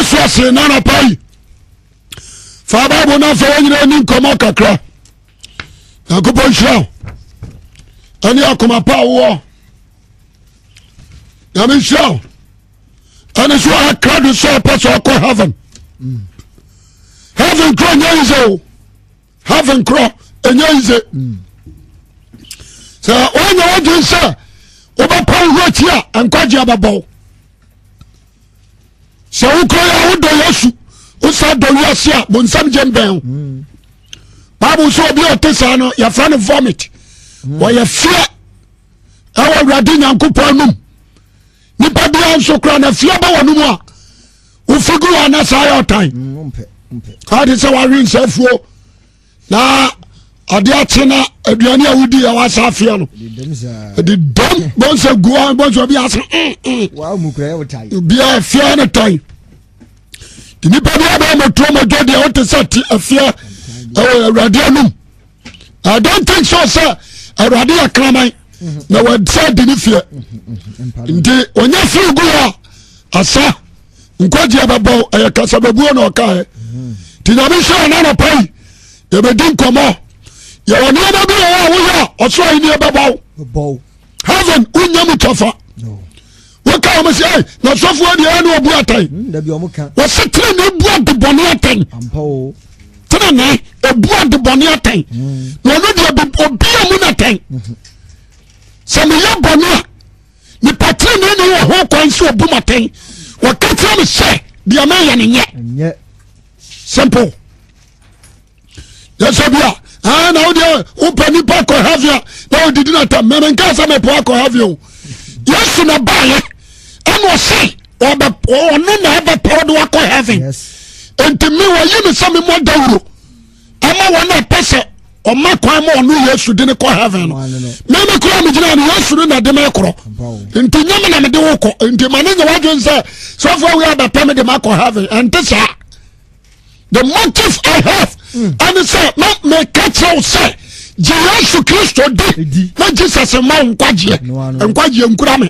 yɛse ase nanapai fa bible no fa wanyina ni nkɔmmɔ kakra nyankopɔn hyirɛw ɛne akoma pa wowɔ nyame hyirɛw ɛne so akra do sɛ ɛpɛ sɛ ɔkɔ heaven heaven korɔ Nya yi sɛ o heaven korɔ ɛnyɛ yi sɛ sɛ woanya wogye sɛ wobɛpa wo ho akyi a ɛnkwagye abɛbɔ sɛ wokora a wodɔ yesu wosa dɔ wiase a bonsam gye mbɛn ho bible sɛ obi a ɔte saa no yɛfrɛ no vomit ɔyɛ fia ɛwɔ awurade nyankopɔn nom nipa biara nso kora na fia bɛ wɔ no mu a wofigu ana saa yɛ ɔtan ɔde mm, sɛ woawe nsafuo na ade akye na aduane a wodi a wasa afeɛ no ɛde dɔm bɔnsɛ gua bɔnsɛ obi ase mm, mm. obia afeɛ ne tan de nipa bi abɛ mɔtuo mɔdwo deɛ wote sɛ te afeɛ ɛwɔ awurade anom i don't think so sɛ awurade yɛ kraman na wɔsɛ de ne fie nti ɔnyɛ firi gu a asa nkwagyeɛ bɛbɔ ɛyɛ kasa babuo na ɔkaɛ nti nyame hyɛ ɔna yi yɛbɛdi nkɔmmɔ yɛwɔ nneɛma bi wɔ a woyɛ ɔsoro ayi ni ɛbɛbɔ wo heaven wonya mu kyɛfa woka wɔn sɛ na sɔfoɔ deɛ ɛna ɔbu atɛn wɔsi tena na ebu adebɔne atɛn tena na ebu adebɔne atɛn na ɔno deɛ obia mu na atɛn sɛ meyɛ bɔne a nipa tena na ɛna wɔ ho kwan sɛ ɔbu mu atɛn wɔka kyerɛ me sɛ deɛ mɛyɛ ne nyɛ simple yɛsɛ bi a. Ah, na wodeɛ wopɛ nipa kɔhavia na wodidi no tam mɛmenka sɛ mepoa kɔhavia o yesu na baeɛ ɛne ɔse ɔno na ɛbɛpɛwo de wakɔ heaven enti me wɔyi no sɛ memɔ dawuro ama wɔne ɛpɛ sɛ ɔma kwan ma ɔno yesu de ne kɔ heaven no meme koraa megyina no yesu no na de me korɔ enti nyame na mede wokɔ enti ma ne nyɛ woadwen sɛ sɔfoɔ wei abɛpɛ me de makɔ heaven ɛnte saa the motive I have ẹni sẹ na mi kẹ́kẹ́ o sẹ jẹ Yesu Kristo di na Jesus ma nkwagyeɛ nkwagyeɛ nkura mi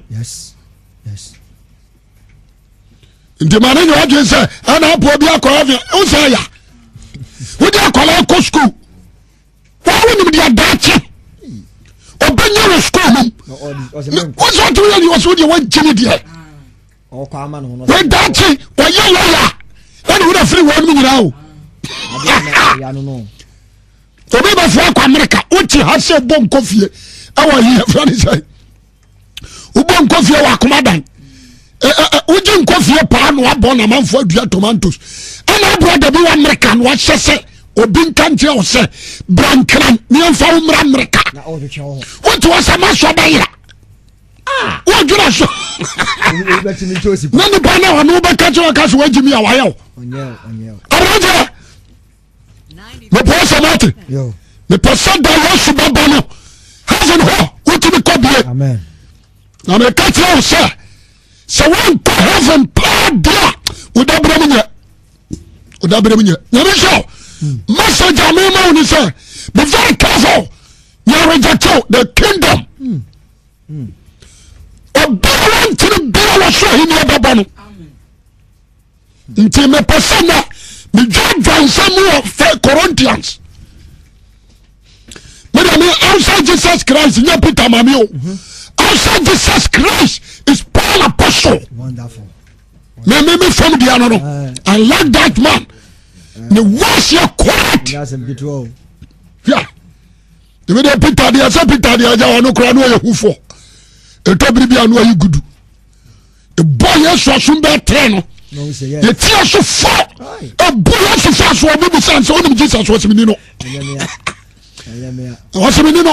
ntimane nyɛ wadwen sɛ ɛna apɔ bi akɔla fi o sɛ ya wodi akɔla kɔ sukuu wɔn awo nim di adaakye ɔbɛnya wɔ sukuu mu wɔsɛ ɔtɔ yɛ ni wɔsɛ ɔdi yɛ wɔn gyi ni deɛ wɔdaakye wɔyɛ lɔya wọn wúlò firi wọn mu nyinaa o obi bɛ fɔ akɔ amerika o ti ha se bɔ nkɔ fie ɛwɔ yi ɛfura ni sɛ o bɔ nkɔ fie wɔ akoma dan ɛ ɛ o ji nkɔ fie paa na wa bɔ na ma fɔ dua tomatoes ɛna abura dabi wa amerika na wa hyɛ sɛ obi nkankyerɛ wɔ sɛ brankiran ni nfa wo mura amerika o ti wɔ sɛ ma sɔ bɛ yira o adwira sɔ na nipa náà wọn n'o bɛ kankyerɛ wɔ kasi wɔ jimi awaya o ɔmɔgye mepɛ wo sɛ moate mepɛ sɛ da yesu baba no hasen hɔ wotumi kɔ bie na meka kyerɛ wo sɛ sɛ woankɔ heaven paa de a wodaberɛ mu nyɛ wodaberɛ mu nyɛ nyame sɛ hmm. message a mema wo ne sɛ be very careful yɛrejectew the kingdom obiara ntene bia wɔ so ahenni bɛbɔ no nti mepɛ sɛ na medwadwa nsɛm wɔ fɛ corinthians mede me outside jesus christ nyɛ peter mame o outside jesus christ is paul apostle meme me fam dea no no i like that man ne waseɛ correct hwɛ ebide peter deɛ sɛ peter deɛ agya ɔno koraa ne ɔyɛ hufoɔ ɛtɔ biribi no ayi gudu ɛbɔ yɛ suasom bɛɛ trɛ no yɛti aso fa ɛburu aso fa so ɔmo bi sanse ɔnim jesus wɔsimini no wɔsimini no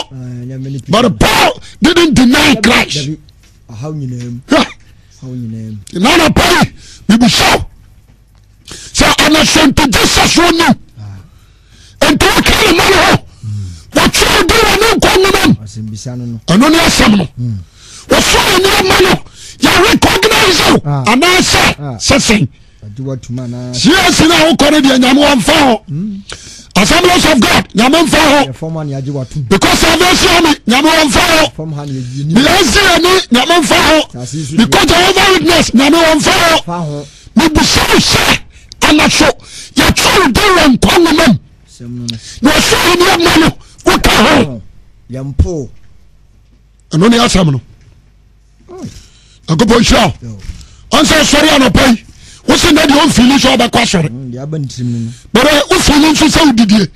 but paul didn't deny christ nana pari bibusaw sɛ anasɛnto jesus wo nim nti wɔka ne ma ne hɔ wɔtwerɛ di wɔ ne nkɔ nonom ɛno ne asɛm no wɔsɔ anyɛ ma no yà recognize o ah. anaasẹ ah. sẹsẹn csc náà ó kọ́ ni diẹ nyamu wa nfa hɔ hmm. assemblies of god nyamu nfa hɔ because salvation army nyamu wa nfa hɔ beyonce ni nyamu nfa hɔ because jehovah witness nyamu wa nfa hɔ bibusa ɔhyɛ anaso yàtúrò dèrò nkọ́ nnọmọ mu na ɔsọ yìí ni ẹ mọ no wọ́n ká hó ẹnu ni asam no akopɔ nhyira ɔnsɛ sɔre anɔpa yi wosi na deɛ ɔmfiri sɛ ɔbɛkɔ asɔre mm, bɛrɛ wofiri no nso sɛ wodidie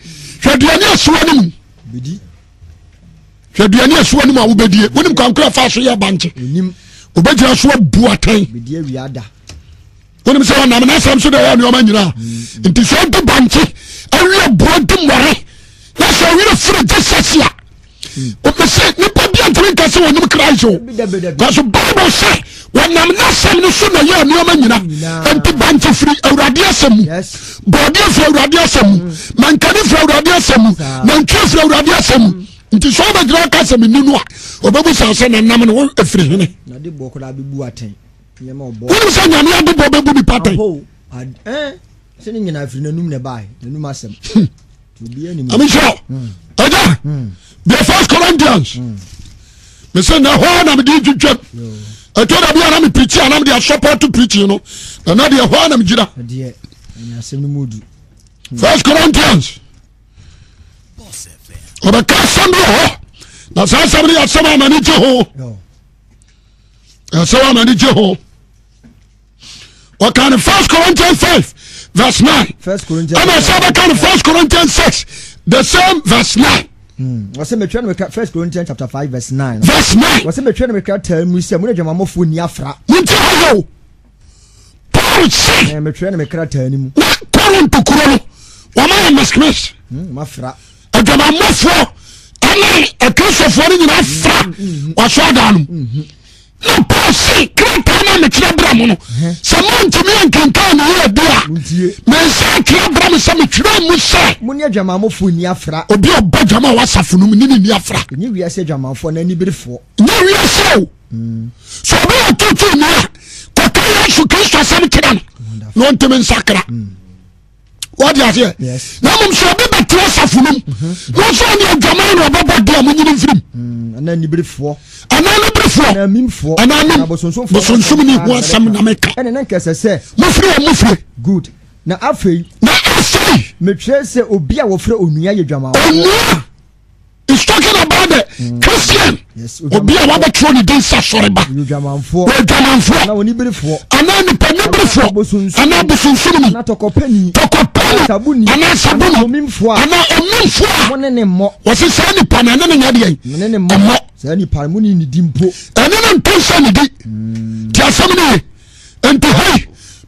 hwɛ aduane asuwa no mu hwɛ aduane asuwa no mu a wobɛdie wonim kwankora fa so yɛ bankye wobɛgyina so abu atɛn wonim sɛ ɔnam na asɛm so dɛ ɛyɛ nneɔma nyinaa mm, mm. nti sɛ wode bankye awie aboa di mmɔre na sɛ ɔwerɛ firi gye sɛsia wopɛsɛ nipa bi atumi nka sɛ wɔnim christ o bcaso bible sɛ wɔnam na asɛm no so na yɛ nneɔma nyina ɛnti bante firi awurade asɛm mu bɔɔdeɛ firi awurade asɛm mu mm. mankane firi awurade asɛm mu nantwie firi awurade asɛm mu mm. nti sɛ wobɛgyina ka asɛm nni no a ɔbɛbu sa sɛ nanam no wo afiri hene wonim sɛ nyame ade bɔ bɛbu nipa tɛn amehyɛ ɛda the first corinthians mesɛ na hɔ na mi di ɛtɔ da bi a na mepirikyi a na di asɔpɔ to pirikyi no nana deɛ hɔ na megyina first corinthians ɔbɛka asɛm bi wɔ hɔ na saa asɛm no yɛ asɛm a mane gye ho asɛm a mane gye ho first corinthians five verse nine. 9 ɛna sɛ bɛka ne first corinthians six the same verse nine. Hmm. wɔsɛ metwerɛ no meka first corinthians chapter five verse nine. verse nine. wɔsɛ metwerɛ no meka taa mu sɛ mo ne dwamamɔfoɔ ni afra. n ti hɔ yɛ o paul se. ɛɛ eh, metwerɛ no meka taa ni mu. na kɔrɔnto kuro no wɔn ayɛ masquerade. wɔn hmm, afra. adwamamɔfoɔ ɛne akristofoɔ no nyinaa afra wɔsɔ dan no na paul se krataa na mekyerɛ bra mu no sɛ montumi ankanka nayɛ bi a mensa kyerɛ bra mu sɛ metwerɛ mu sɛ mone adwamanmɔfoɔ ni afra obi ɔba dwama a wasafo no mu ne ne afra ɛnyɛ wiase adwamanfoɔ na aniberefoɔ nyɛ wiase o sɛ obi ɔtoto na a kɔka yesu kristo asɛm kyerɛ no na ɔntumi nsakra mm wadi aseɛ na mmom sɛ obi bɛtera safo nom mm-hmm. na ɔsɛ ɔne adwaman na ɔbɛbɔ de a monyini mfirim mm, anaa niberefoɔ anaa anam bosonsom ne ho asɛm na meka mofiri wɔ mofire good na afei na afei metwerɛ sɛ obi a wɔfrɛ onua yɛ dwamaa onua is talking about the christian obi a wabɛtwerɛ ne den sa sɔre ba odwamanfoɔ anaa nipa neberefoɔ anaa bosonsono mu tɔkɔpɛ no anaa sabono anaa ɔmemfoɔ a wɔse saa nipa no ɛne ne nyadeɛ ɛmmɔ ɛne ne nto nsa ne di nti mm. asɛm no ye nti hei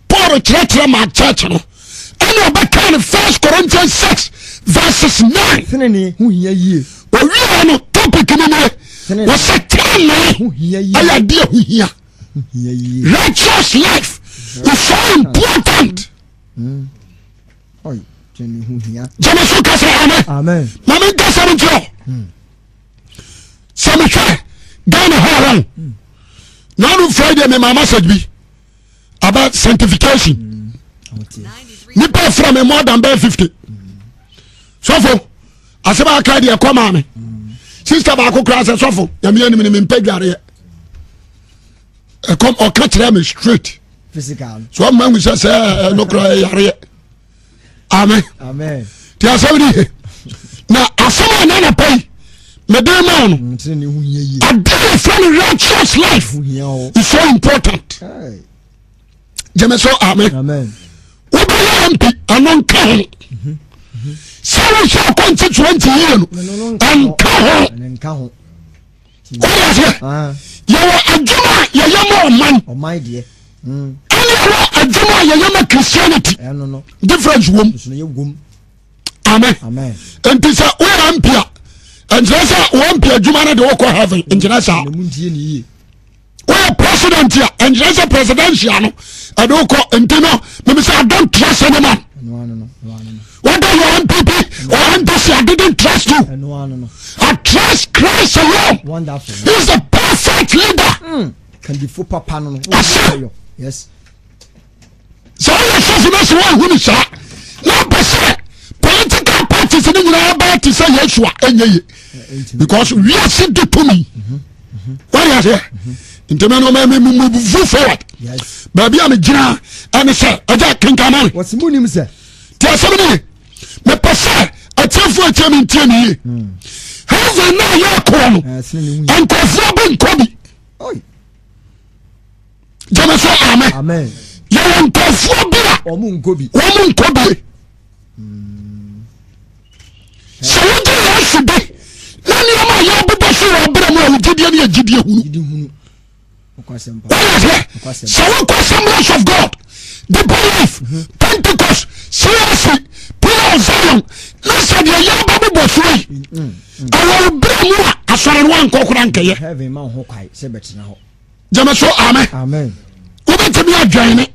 paul kyerɛkyerɛ ma church no ɛne ɔbɛkaa ne 1 corinthians 6 verses 9 owiea no topic nínú wọ́n sẹ́ tíráàmù ayé adé ẹ̀hún hìyà righteous life is so important. jẹ́mi sún kásẹ̀ amẹ́ mami gásẹ̀ mi jọ sẹ́mi hwẹ́ gánà hàrán nanu friday mi maa message bi about sanctification hmm. nípa ìfura mi more than bẹ́ẹ̀ fifty sọ́fọ̀ àṣẹ bá a ká di ẹ̀kọ́ maame. Mm sister baako kora sɛ sɔfo nyame anim ne mempɛ dwareɛ ɛkɔm ɔka kyerɛ me straight so ɔma hu sɛ sɛ eh, no kora yareɛ ame nti asɛm ne ye na asɛm a na napai mede no ade ne frɛ life is so important gyeme Amen. ame wobɛyɛ mpi ano nka mhm sɛ wohwɛ ɔkɔ nti twenty year no ɛnka ho woyɛ seɛ yɛwɔ adwuma a yɛyɛ ma ɔman ɛne ɛwɔ adwuma a yɛyɛ ma christianity difference wom amen nti sɛ woyɛ mpi a nkyerɛ sɛ wɔmpi adwuma no de wokɔ heaven nkyerɛ saa woyɛ president a nkyerɛ sɛ presidential no ɛde wokɔ nti no memisɛ adɔntoa sɛ trust ma no whether you are MPP or embassy, I didn't trust you. I trust Christ alone. Wonderful. is a perfect leader. Hmm. Can you full papa no? Yes. So all the stuff you must want women, sir. Now, but sir, political parties in the United States, yes, you are. Because we are sent to me. Mm-hmm. Mm-hmm. What do you say? Mm-hmm ntoma ní ọmọ mi mu mu vu forward baabi a mi gyina ẹni sẹ ẹja kankanma ni. wọ́n sì mú ni mu sẹ. tí a sẹ́mi nìyí mẹ pẹ̀sẹ̀ ẹ̀kyẹ́fọ́ ẹ̀kyẹ́ mi ntí ẹ̀mí yìí hmm. hẹ́fẹ̀ náà yẹ ẹ̀kọ́ no nkọ̀fọ́ bí nkọ́ bi jẹ́mi sọ amẹ́ yẹ̀wọ̀ nkọ̀fọ́ bí a wọ́n mu nkọ́ bi sọ wọ́n gyina yẹn si bi hmm. náà ní ọmọ yẹn bíbọ̀ sí wọ́n abẹ́rẹ́ mu àwọn ni yẹ jídìẹ́ hunu sɛ wonkɔ assemblies of god depa life mm-hmm. pentecost cac pira zion na sɛ deɛ yɛ ba bobɔ soroi awɔre berɛ mu a asɔre no wankɔ kora nkɛyɛ gyama so amen wobɛtumi adwane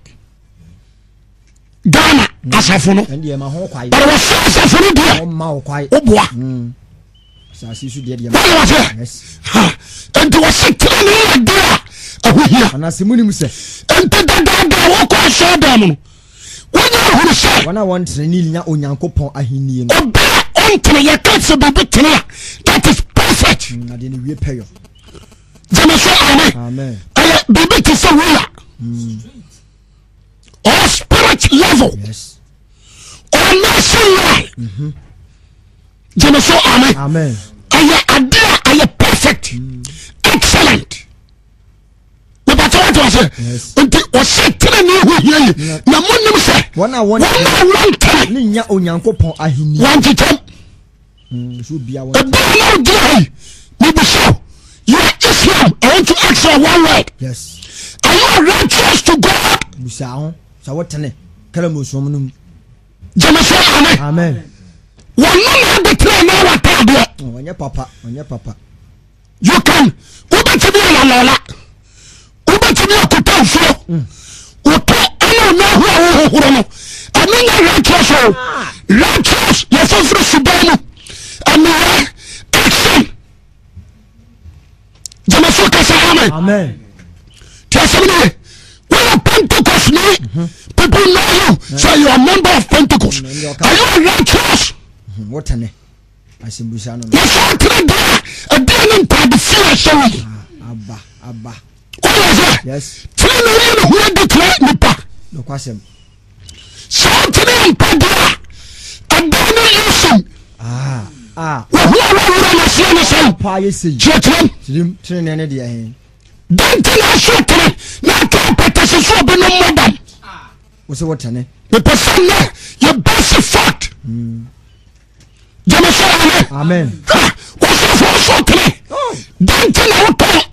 ghana mm. asafo no but wɔsɛ asafo no deɛ woboa wode wɔsɛ nti wɔse tera ne yɛ deɛ a ahohia nti dadaada wɔkɔ asɔɔdam no wonya ahoro sɛ obia ɔntene yɛka sɛ biribi tene a that is perfect gyeme so ame ɛyɛ biribi te sɛ wura ɔwɔ spirit level ɔnase wura gyeme so ame ɛyɛ ade a ɛyɛ perfect hmm so ase nti ɔsɛ tena ne ho ahia yi na mo nim sɛ wɔn a wɔntena ne nya onyankopɔn ahenni wɔnkyekyɛm ɛbaa na wogyina yi mebusaw yɛ islam i want to ask you one word yes. are you righteous to god busaa ho sɛ wotene kala mu osuom no mu gyeme sɛ amen wɔno na ade tena na watadeɛ ɔnyɛ papa ɔnyɛ papa you can wobɛtumi alalala entcsens wọ́n sẹ́ ah, ah. tìrì náà yẹ ne ho adekura nipa sáà tìrì mpadìrà ẹ̀dá ni yẹ sùn wọ́n hu àwọn awúrọ̀ náà sẹ́yìn ní sẹ́yìn kyerẹ́kyerẹ́ tìrì náà ni diẹ hẹ́n. dantɛ na ahyɛ tene na aka apata sɛ so ɔbɛ no mmɔ dam wo sɛ wotene mepɛ sɛ nnɛ yɛba se fact gyame sɛ ane amen wosɛfoɔ so tene dantɛ na wotɔn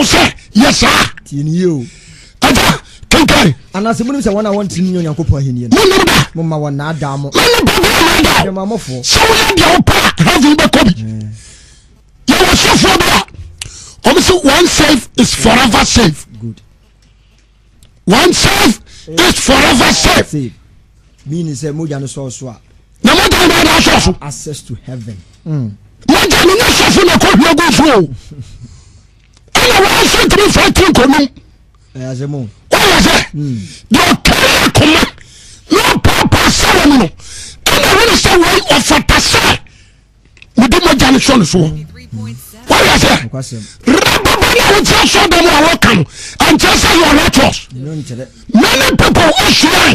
wo sɛ yɛ saa ɛda kenkan anase mu ni sɛ wɔn a wɔn ti ni yɔn yankun pɔn ahenni yɛn. mọ̀nà bá mọ̀ma wɔn náà dà mọ̀. mọ̀nà bá mọ̀ma dà. bẹ̀rẹ̀ mọ̀ fọ. sáwọn yà wò pa hẹ́fì bẹ́ẹ̀ kọ́ bi. Eh. yàwọ̀ sọ́fọ́ bí wa ọmọ sọ one safe is forever safe. Good. one safe is forever safe. mi ni sɛ mo jà ni sɔɔsɔ a. na mo jà ni bá sɔɔsɔ. access to heaven. Mm. mo jà ni ní sɔfún na kò hùwà gún o na wàá sẹ fà tẹ nkonnum. ẹ ase mu. wọ́n yà sẹ́ yọ kẹ́lẹ́ akoma yọ pàápàá sáwọn mu nù ẹnna wọn sẹ wọn ọ̀fọ̀tasẹ́ mùdí mọ́jà ni sọ́ọ̀nù sọ́ọ̀ wọ́n yà sẹ́ hmm. rábà bá yà wọ́n ti sọ́ọ̀dọ̀ mu àwọn kan àǹtí ẹ̀sẹ̀ yọ̀ ọ̀nà tọ̀ many people ẹ̀ sùn náà.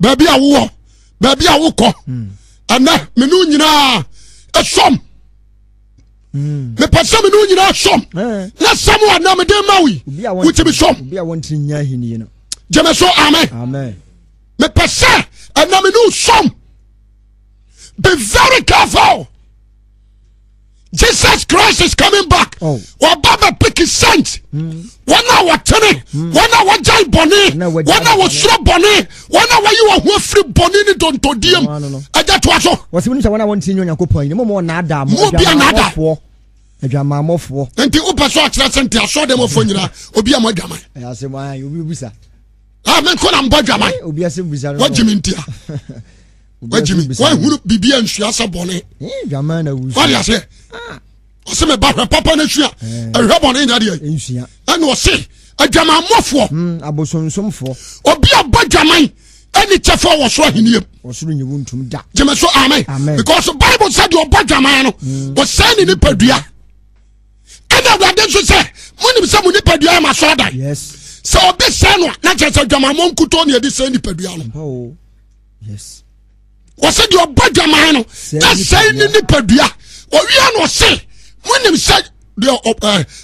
baabi a wowɔ baabi a wokɔ ɛnɛ hmm. menu nyinaa ɛsɔm hmm. mepɛ sɛ menu nyinaa sɔm na sɛm a na mede ma woi wotimi sɔm gyeme so amen mepɛ sɛ ɛna menu sɔm be very careful jesus christ is coming back wɔba bɛpiki saint wɔn a wɔtene wɔn a wɔgyae bɔne wɔn a wɔsoro bɔne wɔn a wɔyi wɔn ho afiri bɔne ne dontodiam agya toa so wɔsɛm sɛ wɔn a wɔntie nyɛ onyankopɔn yi ne mmɔmɔ naadaa mo bia naadaa adwamammɔfoɔ nti wopɛ so akyerɛ sɛ nti asɔ dɛm ɔfo nyinaa obi a mɔ adwaman ɛyɛ asɛm obi busa a ah, menkɔ na mbɔ adwaman obi asɛm busa no wɔgye me Bibi wajimi wahunu bibia nsua sɛ bɔne wade aseɛ ɔse meba hwɛ papa no sua ɛhwɛ bɔne nya deɛ ɛne ɔse adwamanmɔfoɔ obi abɔ dwaman ɛne kyɛfo wɔ so ahenniem gyeme so amen because bible sɛ deɛ ɔbɔ dwaman no ɔsɛe ne nipadua ɛna awurade nso sɛ monim sɛ mo nipadua yɛ masɔ dan sɛ ɔbɛsɛe no a na kyerɛ sɛ dwamanmɔ nkutɔ ne ɛde sɛe nipadua no wɔsɛ deɛ ɔbɔ dwaman no ɛsɛe ne nipadua ɔwia no ɔse monim sɛ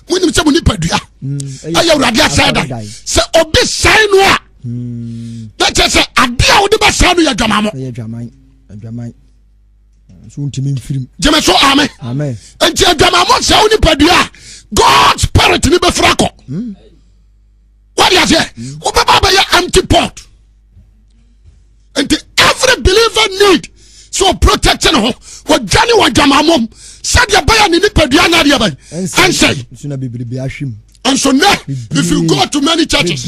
monim sɛ mo nipadua ɛyɛ hmm, awurade asɛe da sɛ obi sɛe no a na kyerɛ sɛ adeɛ a wode bɛsɛe no yɛ dwamammɔ gyeme so ame enti adwamammɔ sɛ wo nipadua a god spirit ne bɛfira kɔ wode aseɛ wobɛba bɛyɛ antipod nti every believer need so protection protect ne ho wɔdwane wɔ gyamamom sɛdeɛ bɛyɛ ne nipadua no adeɛ bɛn ɛnsɛe nso nɛ if you go to many churches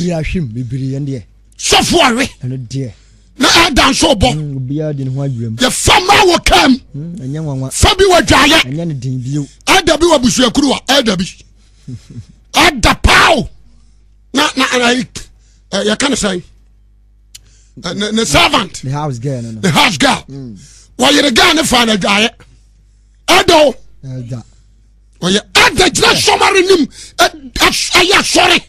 sɔfo awe na ɛda nso bɔ yɛfa ma wɔ kam fa bi wɔ dwaayɛ ɛda bi wɔ busuakuru a ɛda bi ɛda paaw na na yɛka ne sɛe ne ne servant ne house girl no ne house girl wɔyere girl ne fa na dwaeɛ ɛdɔ ɔyɛ ɛdɛ gyina sɔmari nim ɛyɛ asɔre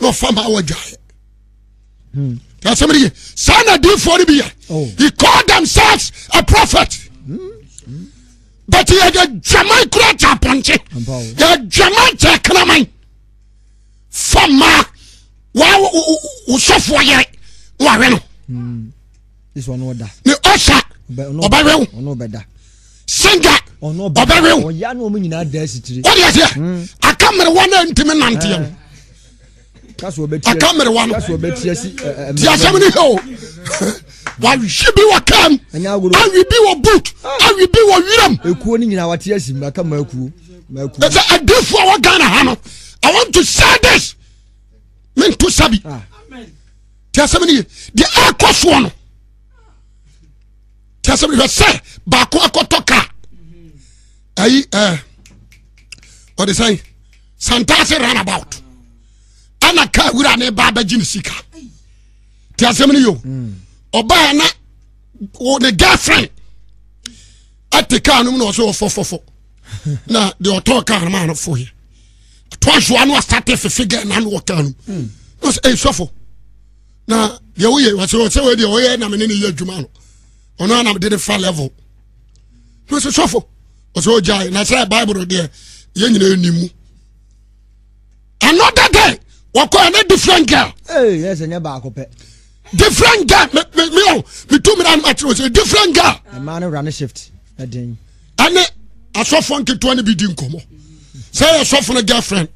No ɔfa ma wɔ dwaeɛ yasɛm de yɛ saa na diifoɔ no bi yɛ he called themselves a prophet mm. but yɛyɛ dwaman kura kyɛ apɔnkye yɛ dwaman kyɛ kraman fa maa wa wo sɔfoɔ yɛre wàwẹ hmm. no ni ọsà ọbẹ wẹ wo sanja ọbẹ wẹ wo wọ́n yà sẹ́ akamẹrẹwà náà hmm. ntumi nante yẹn akamẹrẹwà no tí a sẹ́mu ni hẹ́ o wàhyi bi wọ kàn awi bi wọ boot awi bi wọ wiram. ekuo ni nyinaa wate esi mbaka ma ekuo. ɛsɛ adiifoɔ wɔ ghana ha no i want to say this me nto sabi. Ah ti asɛm ni ye deɛ ɛkɔ soɔ no ti asɛm ni hwɛ sɛ baako akɔtɔ kaa ayi ɛɛ eh, ɔde sɛn santaase runabout ɛna kaa wura ne ba abɛgye ne sika ti asɛm ni ye o ɔbaa na o ne girlfriend ɛte kaa no mu na ɔsɛ ɔfɔfɔfɔ na deɛ ɔtɔn kaa no maa no fo yɛ ɔtɔn soa asate fefe gɛɛ na no wɔ kaa no ɔsɛ ɛyɛ sɔfo na deɛ woyɛ wɔsɛ wɔsɛ wɔyɛ deɛ wɔyɛ nam ne ne yɛ adwuma no ɔno anam de ne fa level na ɔsɛ sɔfo ɔsɛ ɔgyae na sɛ baibul deɛ yɛn nyinaa ni mu another day wɔkɔ ɛne different girl. ee yɛ sɛ n yɛ baako pɛ. different girl mi mi mi o mi tu mi na anum akyerɛ o different girl. mmaa ne rani shift ɛdin. ɛne asɔfo nketewa ne bi di nkɔmɔ sɛ yɛ sɔfo ne girlfriend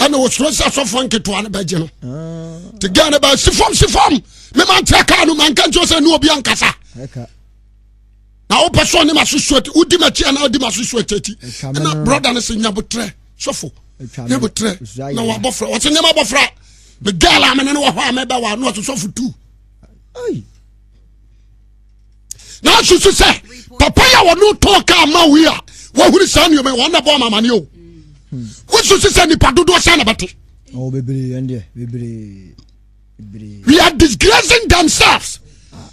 ɛna wɔsoro sɛ asɔfoɔ nketewa no bɛgye no nti ga no bɛɛ sifam sifam memantra kaa no manka nkyerɛ sɛ ne obi ankasa na wopɛ sɛ ɔne masosuo ti wodi makyi anaa wodi masosuo akyakyi ɛna brɔda no sɛ nyabotrɛ sɔfo nyabotrɛ na wabɔfra wɔsɛ nneɛma bɔfra megal a mene ne wɔ hɔ a mɛbɛwa no ɔso sɔfo tu na asusu sɛ papa yɛ wɔno tɔɔ kaa ma wei a wahuri saa nneɔma wɔnna bɔ amamane o wosu sisɛ nipa dodoɔ sɛ na bɛte we are disgracing themselves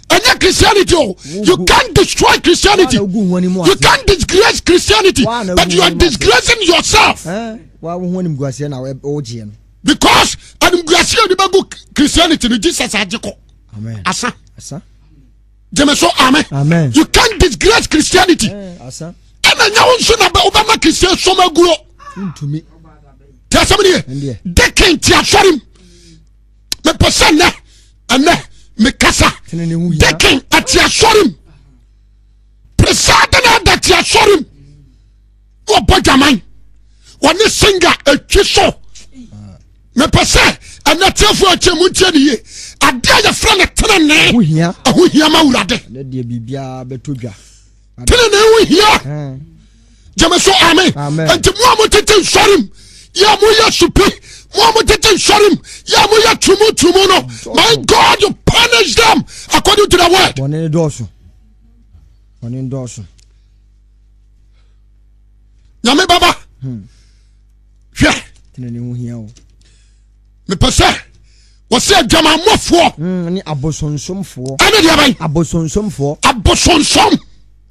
ɛnyɛ christianity o you can't destroy christianity you can't disgrace christianity but you are disgracing yourself because animguaseɛ ni bɛgu christianity ni jesus agye kɔ asa jẹmẹ sọ amen you can't disgrace christianity ɛna nyawo nso na wobɛma christian sɔm aguro ntumi tí a sẹ́mi nìyẹn dẹ́kin tí a sọ́rin mẹ pẹ̀sẹ̀ ẹ̀nẹ́ ẹ̀nẹ́ mẹ kasa dẹ́kin àti a sọ́rin pẹ̀sẹ̀ ẹ̀dẹ́nà ẹ̀dẹ́ tí a sọ́rin wọ́n bọ́ jaman wọ́n ní singa etwi so mẹ pẹ̀sẹ̀ ẹ̀nẹ́ tí a fún ẹ̀ tiẹ̀ mú tiẹ̀ nìyẹn adé a yẹ fúlẹ̀ ní tẹ́nẹ̀ ní ẹ̀hún hiama wúlò adé tẹ́nẹ̀ ní ẹ̀hún jẹmẹsọ ami nti mu a mo tete nsọrim yẹ mo yẹ supi mu a mo tete nsọrim yẹ mo yẹ tumu tumu no my god you punish them according to the word. wọ́n ní dọ́ọ̀sùn wọ́n ní dọ́ọ̀sùn. nyame baba hmm. hwẹ mepɛ sɛ wɔsɛ Ni hmm, ne abosonsomfoɔ ɛne deɛ bɛn abosonsomfoɔ abosonsom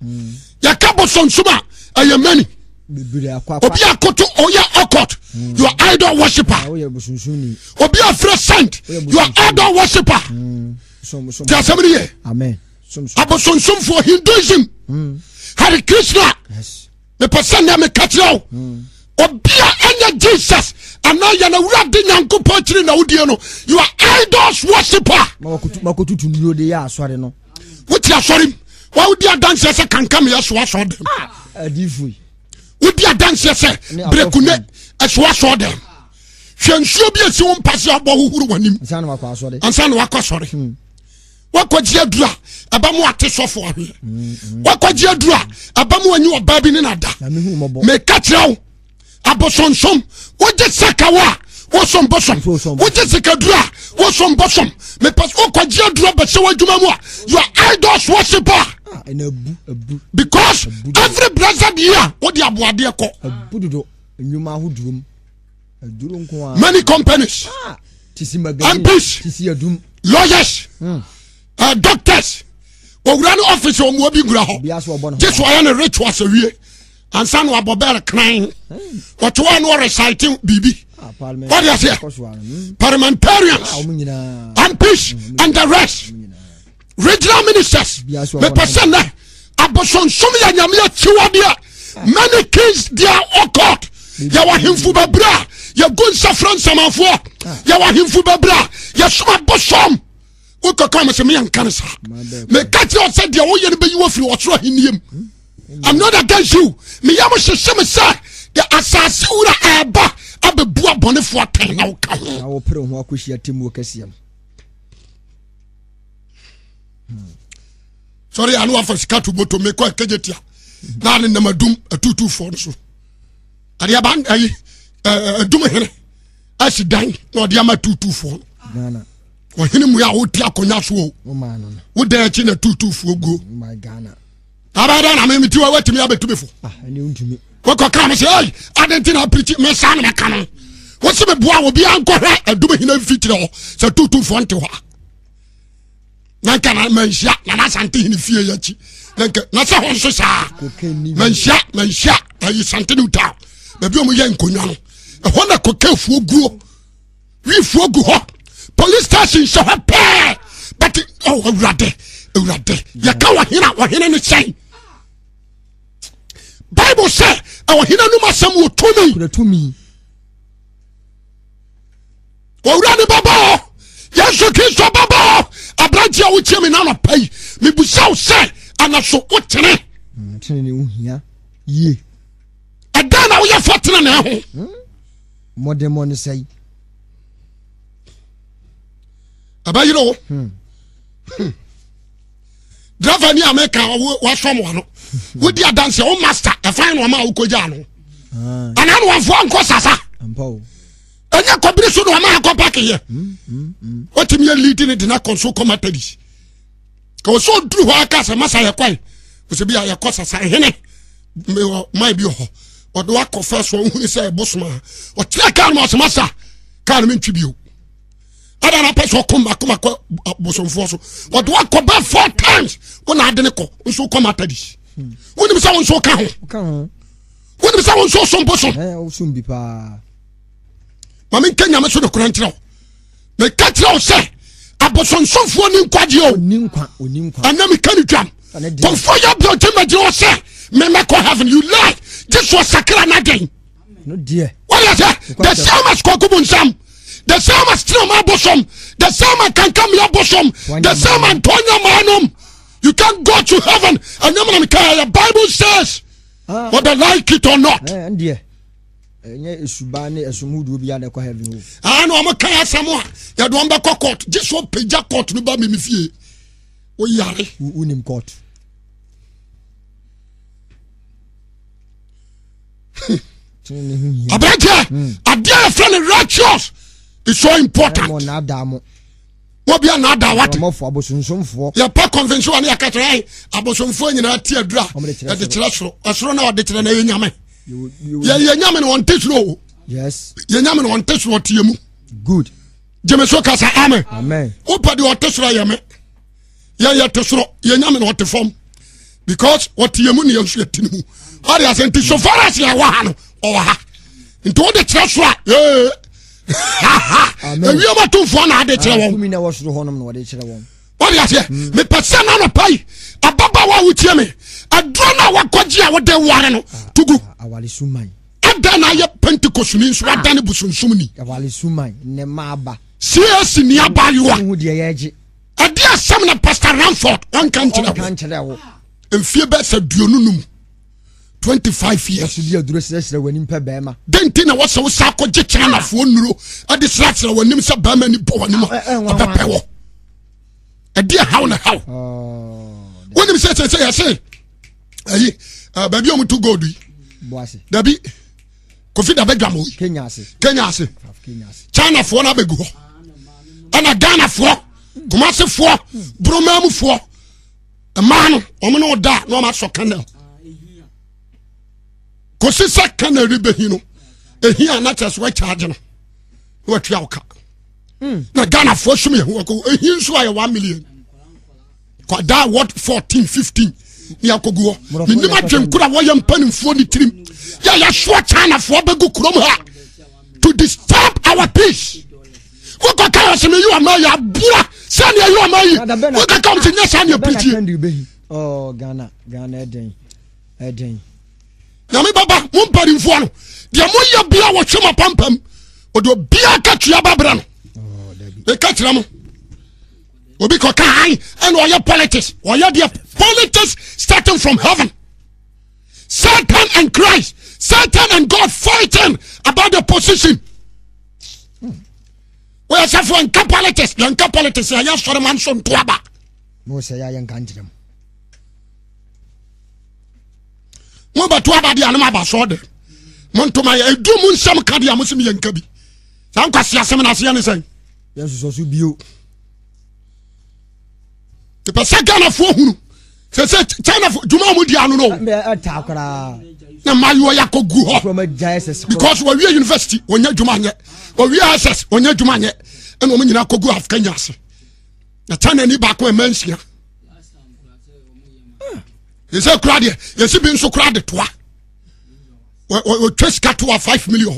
hmm. yɛka abosonsom a ɛyɛ many obi akoto oyɛ ɔkɔt hmm. you are idol worshiper ah, obi afrɛ saint you are idol worshiper ti asɛm ni yɛ abosonsomfoɔ hinduism hmm. hare krishna mepɛ sɛ nnɛ meka kyerɛ hmm. wo obi a ɛnyɛ jesus anaa yɛn awurade nyankopɔn kyiri na wodie no you are idols worshiper wote asɔre m wawodi adanseɛ sɛ kankam yɛ soa sɔ dɛm wodi adanseɛ sɛ brekune ɛsoa sɔ dɛm hwɛ nsuo bi asi wo mpa se abɔ hohoro w'anim ansa na wakɔ sɔre hmm. wakɔgye aduru a ɛba mu ate sɔfo ahweɛ hmm, hmm. wakɔgye aduru a ɛba mu anyi ɔbaa bi ne nada meka kyerɛ wo abosonsom wogye sɛka wo a wosom bosom wogye sikaduru a wosom bosom mepɛ sɛ wokɔgye aduru abɛsɛ w'adwuma mu a your idols worship a Ah, because every blessed year o de aboadeɛ kɔ many companies ah, tisi mps lawyers hmm. uh, doctors owura ne office ɔmuo bi ngura hɔ gye so ɔyɛ ne rituals awie ansa na wabɔ bɛɛl kran wɔte hɔ ne ɔresite biribi wɔde aseɛ parliamentarians ah, mps and hmm, the rest. Mm regional ministers mepɛ sɛ nɛ abosonsom yɛ nyame akyiwadeɛ many kings their ocult yɛwɔ ahemfo bebree a yɛgu nsafra nsamanfoɔ yɛwɔ ahemfo bebree a yɛsom abosom wokaka me sɛ meyɛnka no saa meka kyerɛ ɔ sɛ deɛ woyɛ no bɛyi wɔ firi ɔsoro ahenniam I'm not against you meyɛ mo hyehye me sɛ de asase wura ɛɛba abɛbua bɔnefoɔ atɛn na woka ho sɔre ano afa sika to boto uh, me kɔ tia na ne nam adum atutufoɔ no so adeɛ ba ayi adum hene asi dan na ɔde ama tutufoɔ no ɔhene mu a wote oh, akonnwa ah, so o woda akyi na tutufoɔ go abada na memeti wa watumi abɛtumi fo wɔkɔ ka me sɛ ei ade nti na aprikyi mesa ne mɛka no wo se meboa wo biaa nkɔhwɛ adum hene mfikyirɛ hɔ sɛ tutufoɔ nte hɔ a na nka na manhyia na nasante ni fie yakyi na sɛ ho nso saa manhyia manhyia ayi sante ne wtaa baabi ɔmo yɛ nkonnwa no ɛhɔ na kɔka fuo guo wifuo gu hɔ police station hyɛ hɔ pɛɛ but oh, awurade awurade yɛka wɔhena wɔhene no hyɛn bible sɛ ɛwɔhena nom asɛm wɔ tumi ɔwura ne bɛbɔɔ yesu kristo bɛbɔ aberanteɛ a wokyia me na anɔpa yi mebusa wo sɛ anaso wotene ɛdan na woyɛ fa tena hmm? ne ho mmɔdemmɔ no sɛ ɛbɛyere wo hmm. hmm. driver ni ameka wasɔm wa no wodi adanseɛ wo master ɛfan no ɔma a wokɔgyaa no ah. anaa ne wamfoɔ nkɔ sasa ɛnyɛ kɔbiri so na ɔmaa kɔ paaki yɛ hmm, hmm, hmm. ɔtumi yɛ liidi ni dina kɔnso kɔmatɛri ka wɔsɔ duru hɔ aka sɛ masa yɛ kɔɛ wɔsɛ bi a yɛ kɔ sasa ɛhene mɛ ɔmaa bi hɔ ɔde wa kɔ fɛ so ɔhun sɛ ɛbɔ soma ɔkyerɛ kaa no ɔsɛ masa kaa no mi ntwi bi o ɛda na pɛ sɛ ɔkɔ mako mako bosomfoɔ so ɔde wa kɔ bɛ four times na adi ne kɔ nso kɔmatɛri wɔnim sɛ wɔn nso ka ho wɔnim sɛ wɔn nso som bosom maame nka nyame so nokora nkyerɛ wo meka kyerɛ wo sɛ abosonsomfoɔ ne nkwagyeɛ o ɛna meka no twam kɔmfoɔ yɛ brɛ ɔgye magyerɛ wo sɛ memɛkɔ heaven you lie gye soɔ sakra no aden wɔdeɛ sɛ the same as kɔkobo nsam the same as tenama abosom the same as kankamea abosom the same as ntɔnya maanom you can go to heaven ɛnyɛ mana meka the bible says ah. whether like it or not uh, ɛnyɛ esuban ne esumuduo bi anɛ kɔ heaven ah, o. aa na wɔn kan asam a yɛde wɔn bɛkɔ court jesu pagya court no ba mimi fie o yare. wo nim court. abiranteɛ adeɛ a yɛfrɛ no righteous is so important. ɛmɔ n'ada mo. wọ́n bí a nà ada wati. ọmọfọ abosonsomfọ. yẹ pa convention wa ni yà kàtà ẹ abosomfo nyinaa ti dura ẹ de soro ẹ soro náà ọ de kyerẹ náà ẹ yɛ nyame no wɔnte soro o yɛ nyame no wɔnte soro teɛ mu good gyeme so kasa ame wopɛ deɛ ɔte soro yɛ me yɛyɛ te soro yɛ nyame no ɔte fam because ɔteɛ mu ne yɛnso yɛte no mu ɔde asɛ nti sofar ase ɛwɔ ha no ɔwɔ ha nti wode kyerɛ so a awiama tomfoɔ na ade kyerɛ wɔn wode aseɛ mm. mepɛ sɛ na nɔpa ababaawa a wotie me aduro no a wakɔgye a wode ware no tugu ah, ada na ayɛ pentecostni nso wada ah. ne busonsum ni cas ni aba yowa ɛde asɛm na pastor ramford ɔnka nkyerɛ wo mfie bɛ sɛ duonu num five years denti na wɔsɛ wo sa kɔgye kyerɛ nafoɔ nnuro de serasera w'anim sɛ bɛrima ni bɔ w'anim a eh, eh, eh, ɔbɛpɛ wɔ ɛdeɛ haw na haw wonim sɛ sɛ sɛ yɛse ayi baabi a ɔmuto gold yi dabi kofi da bɛdwa mo yi kenya ase chinafoɔ no abɛgu hɔ ɛna ghanafoɔ kumasefoɔ buromamufoɔ mmaa no ɔmo ne ɔda na ɔmo asɔ kanel kosi sɛ kanel rebɛhi no ehi a na kyerɛ so wɔakya agye no na wɔatua wo ka na ghanafoɔ som yɛ ho ehi nso ayɛ one million kwadaa ward fourteen fifteen ni akogu hɔ ne nim adwe nkoro a wɔyɛ mpanimfoɔ ne tirim yɛ yɛsoɔ kyanafoɔ bɛgu kurom ha to disturb our peace wokɔ ka yɛ sɛme yi ama yɛ abura sɛneɛ yi ama yi wokɔ ka sɛ nyɛ saa neɛ pitie nyame baba mo mpanimfoɔ no deɛ moyɛ bia wɔhwe ma pampam ɔde obia ka tua babra no ɛka oh, e kyerɛ mo obi kɔ kan ɛna ɔyɛ politics ɔyɛ deɛ politics starting from heaven satan and christ satan and god fighting about the position wɔyɛ sɛfo nka politics yɛnka politics yɛyɛ sɔre ma nso nto aba mo bɛto aba deɛ anom aba sɔɔ de mo ma yɛ ɛdu mu nsɛm ka deɛ mo sɛ meyɛnka bi saa nkwasiasɛm no aseɛ ne sɛn yɛnsosɔ so bio pẹpẹ sẹ ghana fún ohun sẹsẹ china fún jùmọ̀ ọ̀hún di àánú náà eh, eh, na maa yi ọ̀ya kọ gu họ because wọ́n wíyẹ university wọ́n juma jùmọ̀ ànyẹ wọ́n wíyẹ ss wọ́n nyẹ jùmọ̀ ànyẹ ẹnna nyinaa kọ gu half kenya na china ni baako ẹ̀ mẹ́nsia yẹsẹ kura deɛ yẹsi bi nso kura de toa wɔtwa sika toa five million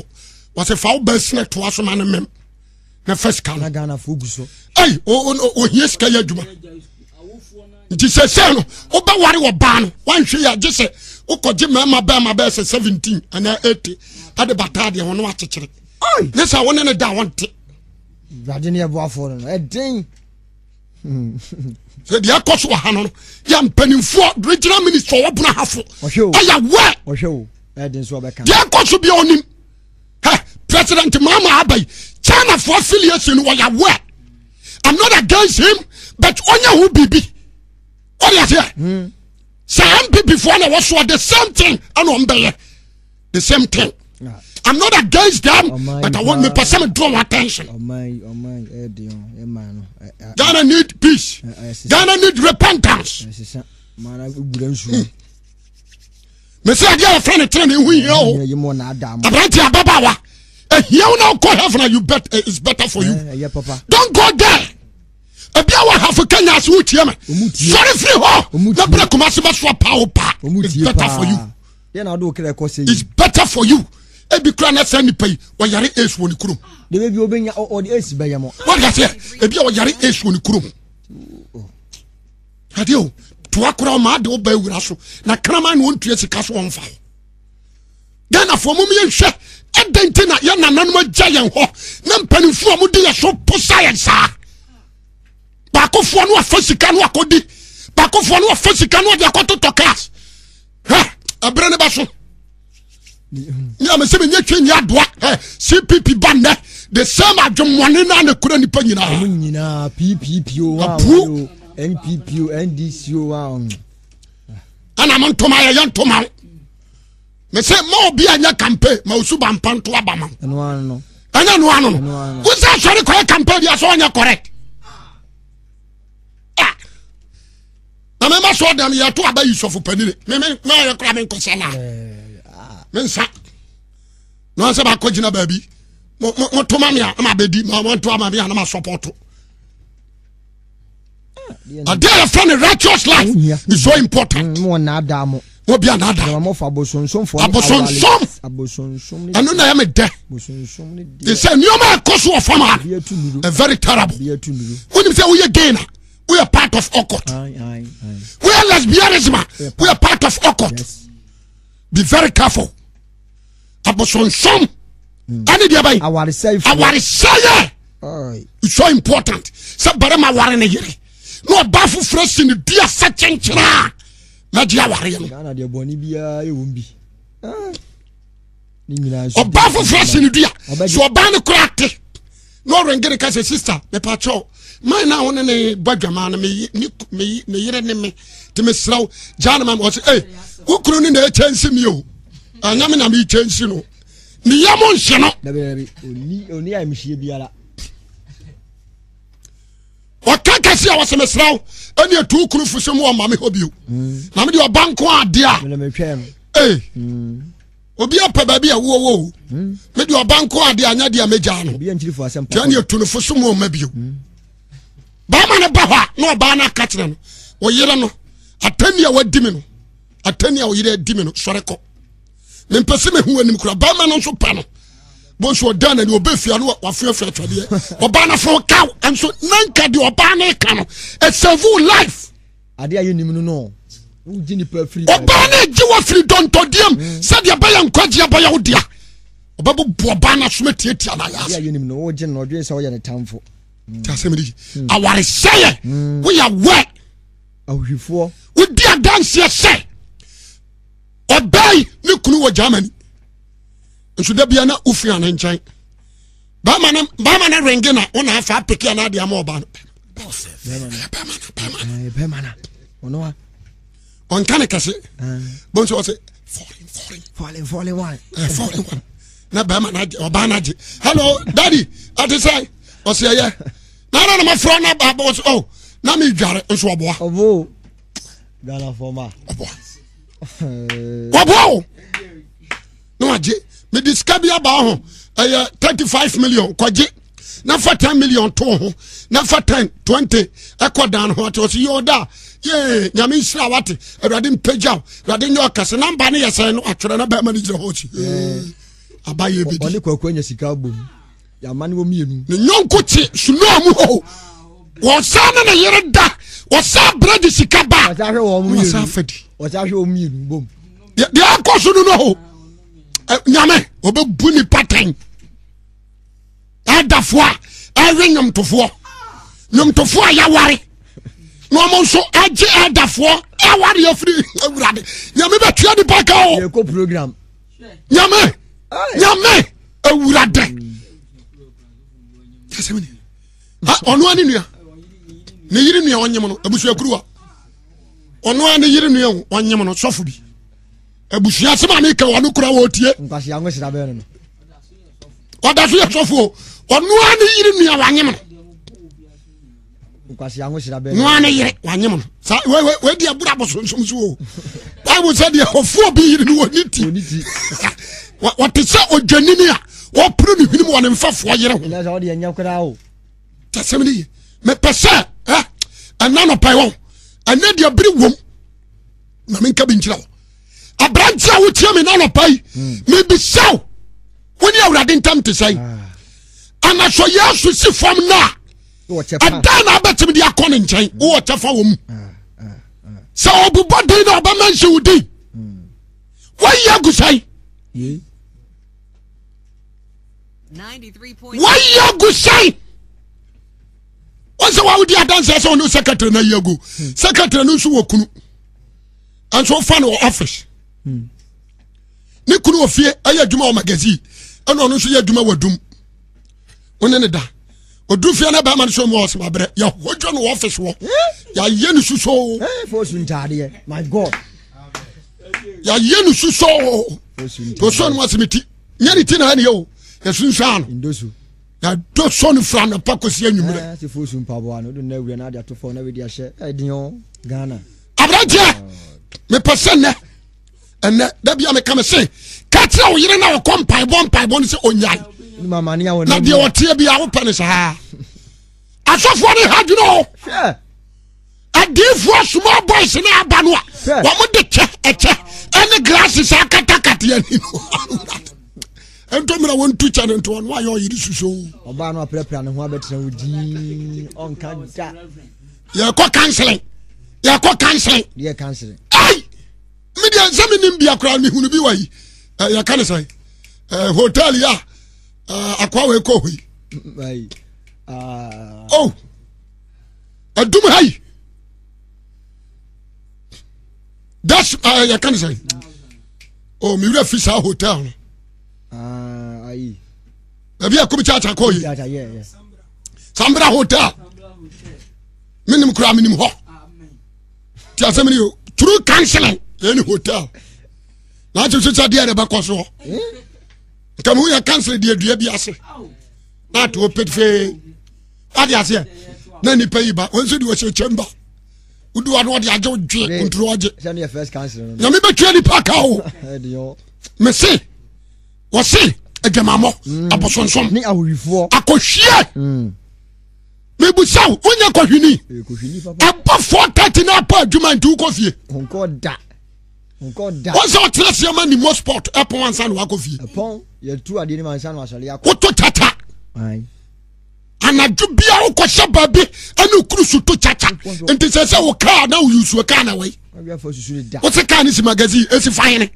wɔsɛ fa wo bɛn sinɛ toa so ma ne mɛm na fɛ sika no ɛyi ohia sika yɛ adwuma nti sɛ sɛ no wobɛware wɔ baa no woanhwɛ yi agye sɛ wokɔgye mmarima bɛrima bɛɛ sɛ 17 anaa 80 ade bataa deɛ ho no wakyekyere ne sɛ wone ne da wonte wurade ne yɛboafoɔ no no ɛden sɛ deɛ ɛkɔ so wɔ ha no no yɛ mpanimfoɔ regional minister wɔ bona hafo ɛyɛ wɛ deɛ ɛkɔ so bia ɔnim president mama abai chinafoɔ affiliation no wɔyɛ wɛ i'm not against him but ɔnyɛ ho biribi ɔde aseɛ hmm. sɛ npp foɔ na wɔsoɔ the same thing ɛna ɔm bɛyɛ the same thing ah. i'm not against them oh but i want me person to draw attention ghana need peace eh, eh, ghana need repentance mesi adi a yɛfrɛ no tena ne ho hia o aberante ababaawa ahia wo na wokɔ heaven a you bet, uh, eh, is better for you don't go there ebi awa hafo kenya ase wo tie me sɔre firi hɔ na bere kuma se bɛ so pa o pa it's better for you it's better for you ebi kura na sɛ nipa yi ɔyare ace wɔ ne kurom debe bi obe nya ɔde ace bɛ yɛ mɔ wɔde aseɛ ebi ɔyare ace wɔ ne kurom ade o toa kora ɔma ade ɔba ewura so na kraman na ɔntua sika so ɔnfa ghana fo ɔmo yɛ nhwɛ ɛdɛn ti na yɛ nananom agya yɛn hɔ na mpanimfoɔ ɔmo de yɛ so posa yɛn saa baakofoɔ no afa sika no akɔdi baakofoɔ no afa sika no ɔde akɔtotɔ cars hɛ ɛbrɛ ne ba so ní àmì sẹ́mi nyé twé nyé adoa ẹ cpp ban dẹ the same adwumwani náà ne kura nípa nyinaa. ọmọ nyinaa ppp o wa o npp o ndc o wa o. ẹnna mo ntoma yẹ yẹ ntoma o mẹ sẹ mọ obi a nyẹ campaign mẹ osu ba mpa nto aba ma. ẹnu wa nù. ẹnu wa nù. wọ́n sẹ́ sọ́ni kọ́ bi a sọ́ wọ́n yẹ na mema sɛ ɔda no yɛto aba yi sɔfo panine mɛyɛ kora menkɔsɛ na eh, mensa na sɛ baakɔ gyina baabi motoma me a na mabɛdi mawanto ama me a na masɔpɔto ah, ade a yɛfrɛ no righteous life is so important mm, obi a nadaabosonsom ɛno na yɛme dɛ te sɛ nneɔma ɛkɔ so wɔ fama no very terrible wonim sɛ woyɛ gaina we are part of Okot. We are lesbianism. We are part of Okot. Yes. Be very careful. Abosonsom. Hmm. Ani di abayi. Awarisɛyi. Awarisɛyi. It's so important. Sɛ barima awari ne yiri. Na ɔba foforɔ si ne di asa kyɛnkyɛn na di awari yɛ no. Ghana deɛ bɔnni biara ewu bi. Ɔba foforɔ si ne di a. Sɛ ɔba ne kura ate. Na ɔrɛngere ka sista mɛ man na wọn ne bɔ dwamaa no me yere ne me te me sira wo gyaa ne ma ma ɔsɛ ee wo kuro ne na ɛkyɛ nsi mi o anya me na me kyɛ nsi no ne yam nhyɛ no. dabi dabi oni oni a mihie biara. ɔka kɛse a wɔsɛ me wo ɛni etu kuru fusu mu wɔ maame hɔ bio maame de ɔba nko adeɛ a obi apɛ baabi a wo wo o me de ɔba nko adeɛ anya deɛ a me gyaa no tiɛ ni etu ne mu wɔ bio. Mm bàmà ne ba hɔ a na ɔbaa no aka kyerɛ no ɔyere no atani a wadi mi no atani a ɔyere adi mi no sɔre kɔ mempɛ sɛ mehu anim kora bàmà no nso pa no bonso ɔda na ni ɔbɛ fia no wafiafia atwadeɛ ɔbaa no fo kaw nso nanka deɛ ɔbaa no ka no ɛsɛvu life adeɛ a yɛnim no no wogye nipa firi ɔbaa no agye wɔ firi dɔntɔdeɛm mm. sɛdeɛ bɛyɛ nkwagyeɛ bɛyɛ wo dea ɔbɛbobo ɔbaa no asoma tiatia no ayɛ ase yɛnim no wogye no ɔdwene sɛ woyɛ ne tamfo tí a sẹ́mi di hmm. awaresẹ́yẹ hmm. wíyà wẹ́ ahwìfoɔ wòdi adanseɛ sɛ ɔbaa yi ne kunu wɔ Germany nso da bia na ofin ana nkyɛn bàmà na bàmà na renge na wọn náà fa apeke ana adi ama ɔbaa no bɛma na bɛma na ɔnka ne kɛse ah. bonso ɔsɛ foreign foreign foreign foreign one foreign one na bɛma na ɔbaa na gye hello daddy ati sɛ ɔsi ɛyɛ n'ara na ma fura na ba bɔ ɔ na mi dware nso ɔbɔa. ɔbɔ gana fɔma. ɔbɔa ɔbɔa o ne wa gye mi di sika bi aba ho ɛyɛ thirty five million kɔgye na fa ten million to ho na fa ten twenty ɛkɔ dan ho ɔte ɔsi yɛ ɔda yee nyame nsira wate awurade mpagya awurade nyɛ ɔkɛse namba ne yɛ no atwerɛ na bɛrima no gyina hɔ ɔsi abayɛ bi di. ɔne kwakuo nya sika abom yàmá ni wọ́n mìínú. ne nyɔnko ti sunoa mu hɔ wɔsan ne ne yere da wɔsan abirɛ de sika ba wɔsan fɛ di wɔsan ahwɛ wɔn mìínú bom. deɛ akɔ so no no ho nyame wɔbɛbu nipa tɛn adafoɔ a ɛwe nyomtofoɔ nyomtofoɔ a yɛware na ɔmo nso agye ɛdafoɔ ɛware afiri awurade nyame bɛtua nipa ka o nyame nyame awurade mm yasɛm ni ɔno ani nua ne yiri nua ɔnyim no abusua kuruwa ɔno ani yiri nua ɔnyim no sɔfo bi abusua sɛm ani ka ɔno kura wɔ tie ɔda so yɛ sɔfo o ɔno ani yiri nua wanyim no noa ne yere wanyem no wadi abura abosonsom so o bible sɛ deɛ ɔfoɔ bi yere no wɔne ti wɔte sɛ odwanini a wɔpere ne hwenem wɔ ne mfafoɔ yere ho tasɛm ne ye mepɛ sɛ ɛna nɔpae wɔ ɛnɛ deɛ bere wom na menka bi nkyerɛ wo aberante a wotia me na nɔpa yi mebisa wo wone awurade ntam te sɛe anasɔ yesu si fam no a ɛda na abɛtumi de akɔ ne nkyɛn wowɔ kyɛfa wɔ mu sɛ ɔbobɔ den na ɔbɛma nhyɛ wo din woayi agu sɛe wayɛ agu sɛn wosɛ wawodi adanseɛ sɛ wone secretary no ayi agu hmm. secretary no nso wɔ hmm. kunu ɛnso wofa no wɔ office ne kunu wɔ fie ɛyɛ adwuma wɔ magazine ɛna ɔno nso yɛ adwuma wɔ dum wone ne da odu fie na bɛrima no so mu wɔ sema berɛ yɛhɔdwa no wɔ office wɔ yɛayɛ no susoo yɛayɛ no susoo to so no wasɛme ti nyɛ ne ti na ha ne yɛ o yɛsunsuano eh, na do so no fra no pa kɔsi anwummerɛ aberanteɛ mepɛ sɛ nnɛ ɛnɛ da bia meka me se ka kyerɛ wo yere na wɔkɔ mpaebɔ mpaebɔ ni sɛ ɔnyae na deɛ wɔteɛ bia wopɛ no saa asɔfoɔ no ha dwene o adiifoɔ small boys ne aba no a wɔmode kyɛ ɛkyɛ ɛne glasses akatakate ani no ntomina wɔn tu kyɛn ntoɔ no ayɛ ɔyiri susu. ɔbaa no apirapira ne ho abɛtena wo dii ɔnka da. yɛkɔ kansilin yɛkɔ kansilin. deɛ kansilin. ayi mi deɛ nsɛm ni bi akora mi hunu bi wa yi ɛ yɛka ne sɛn ɛ hotel ya a akwa wo ekɔ hɔ yi. ayi. o ɛdum ha yi das ɛ yɛka ne sɛn o mi wura fi saa hotel no. Ah, ayi. baabi a komi kyakya kɔ yi sambra hotel menim kura menim hɔ ti asɛm ni o turu kansilan ɛni hotel n'akyi so sɛ deɛ yɛrɛ bɛ kɔ so nka mu yɛ kansilan deɛ dua bi ase n'ate o pete fee adi aseɛ na nipa yi ba wɔn nso de wɔhyɛ chamber wodi wa no wɔde agye dwe nturo ɔgye nyame bɛtua nipa ka o mese wɔse adwamammɔ mm. abosonsom akɔhwie mm. mebusa wo wonya kɔhwini ɛbɔ eh, four thirty na apɔ adwuma nti wokɔ fie wọ́n sọ ọtí ẹsẹ̀ ẹ̀ma ni most sport ẹ̀ pọ́n ansa ni wà á kó ẹ̀pọ́n yẹ tu adé ni ma ansa ni wà sọ̀rọ̀ yà kọ́. wótó tata anadu bi a wokɔ hyɛ baabi ɛne okurusu to kyakya nti sɛ sɛ wo kaa na woyusuo kaa na wai wose kaa ne si magazine ɛsi fahene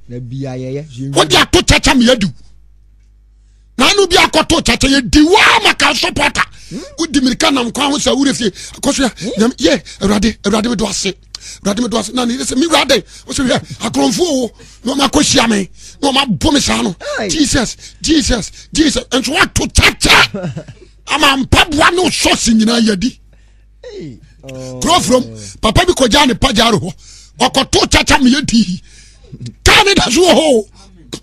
wode ato kyakya meyadu nanu bi akɔtɔ kyakye yɛ di waa ma ka sɔpɔta ko dimirika nam kwan ho sɛ wure fie akɔso ya nyam yɛ awurade awurade mi do ase awurade mi do ase nanu yɛsɛ mi wurade o sɛ hwɛ akoronfo wo na ɔmo akɔ hyia na ɔmo abɔ mi saa no jesus jesus jesus nso to kyakye ama mpaboa ne sɔsi nyinaa yɛ di kuro oh. furom papa bi kɔgya ne pajaaro hɔ ɔkɔtɔ kyakye mi yɛ tii kaa ne da so wɔ hɔ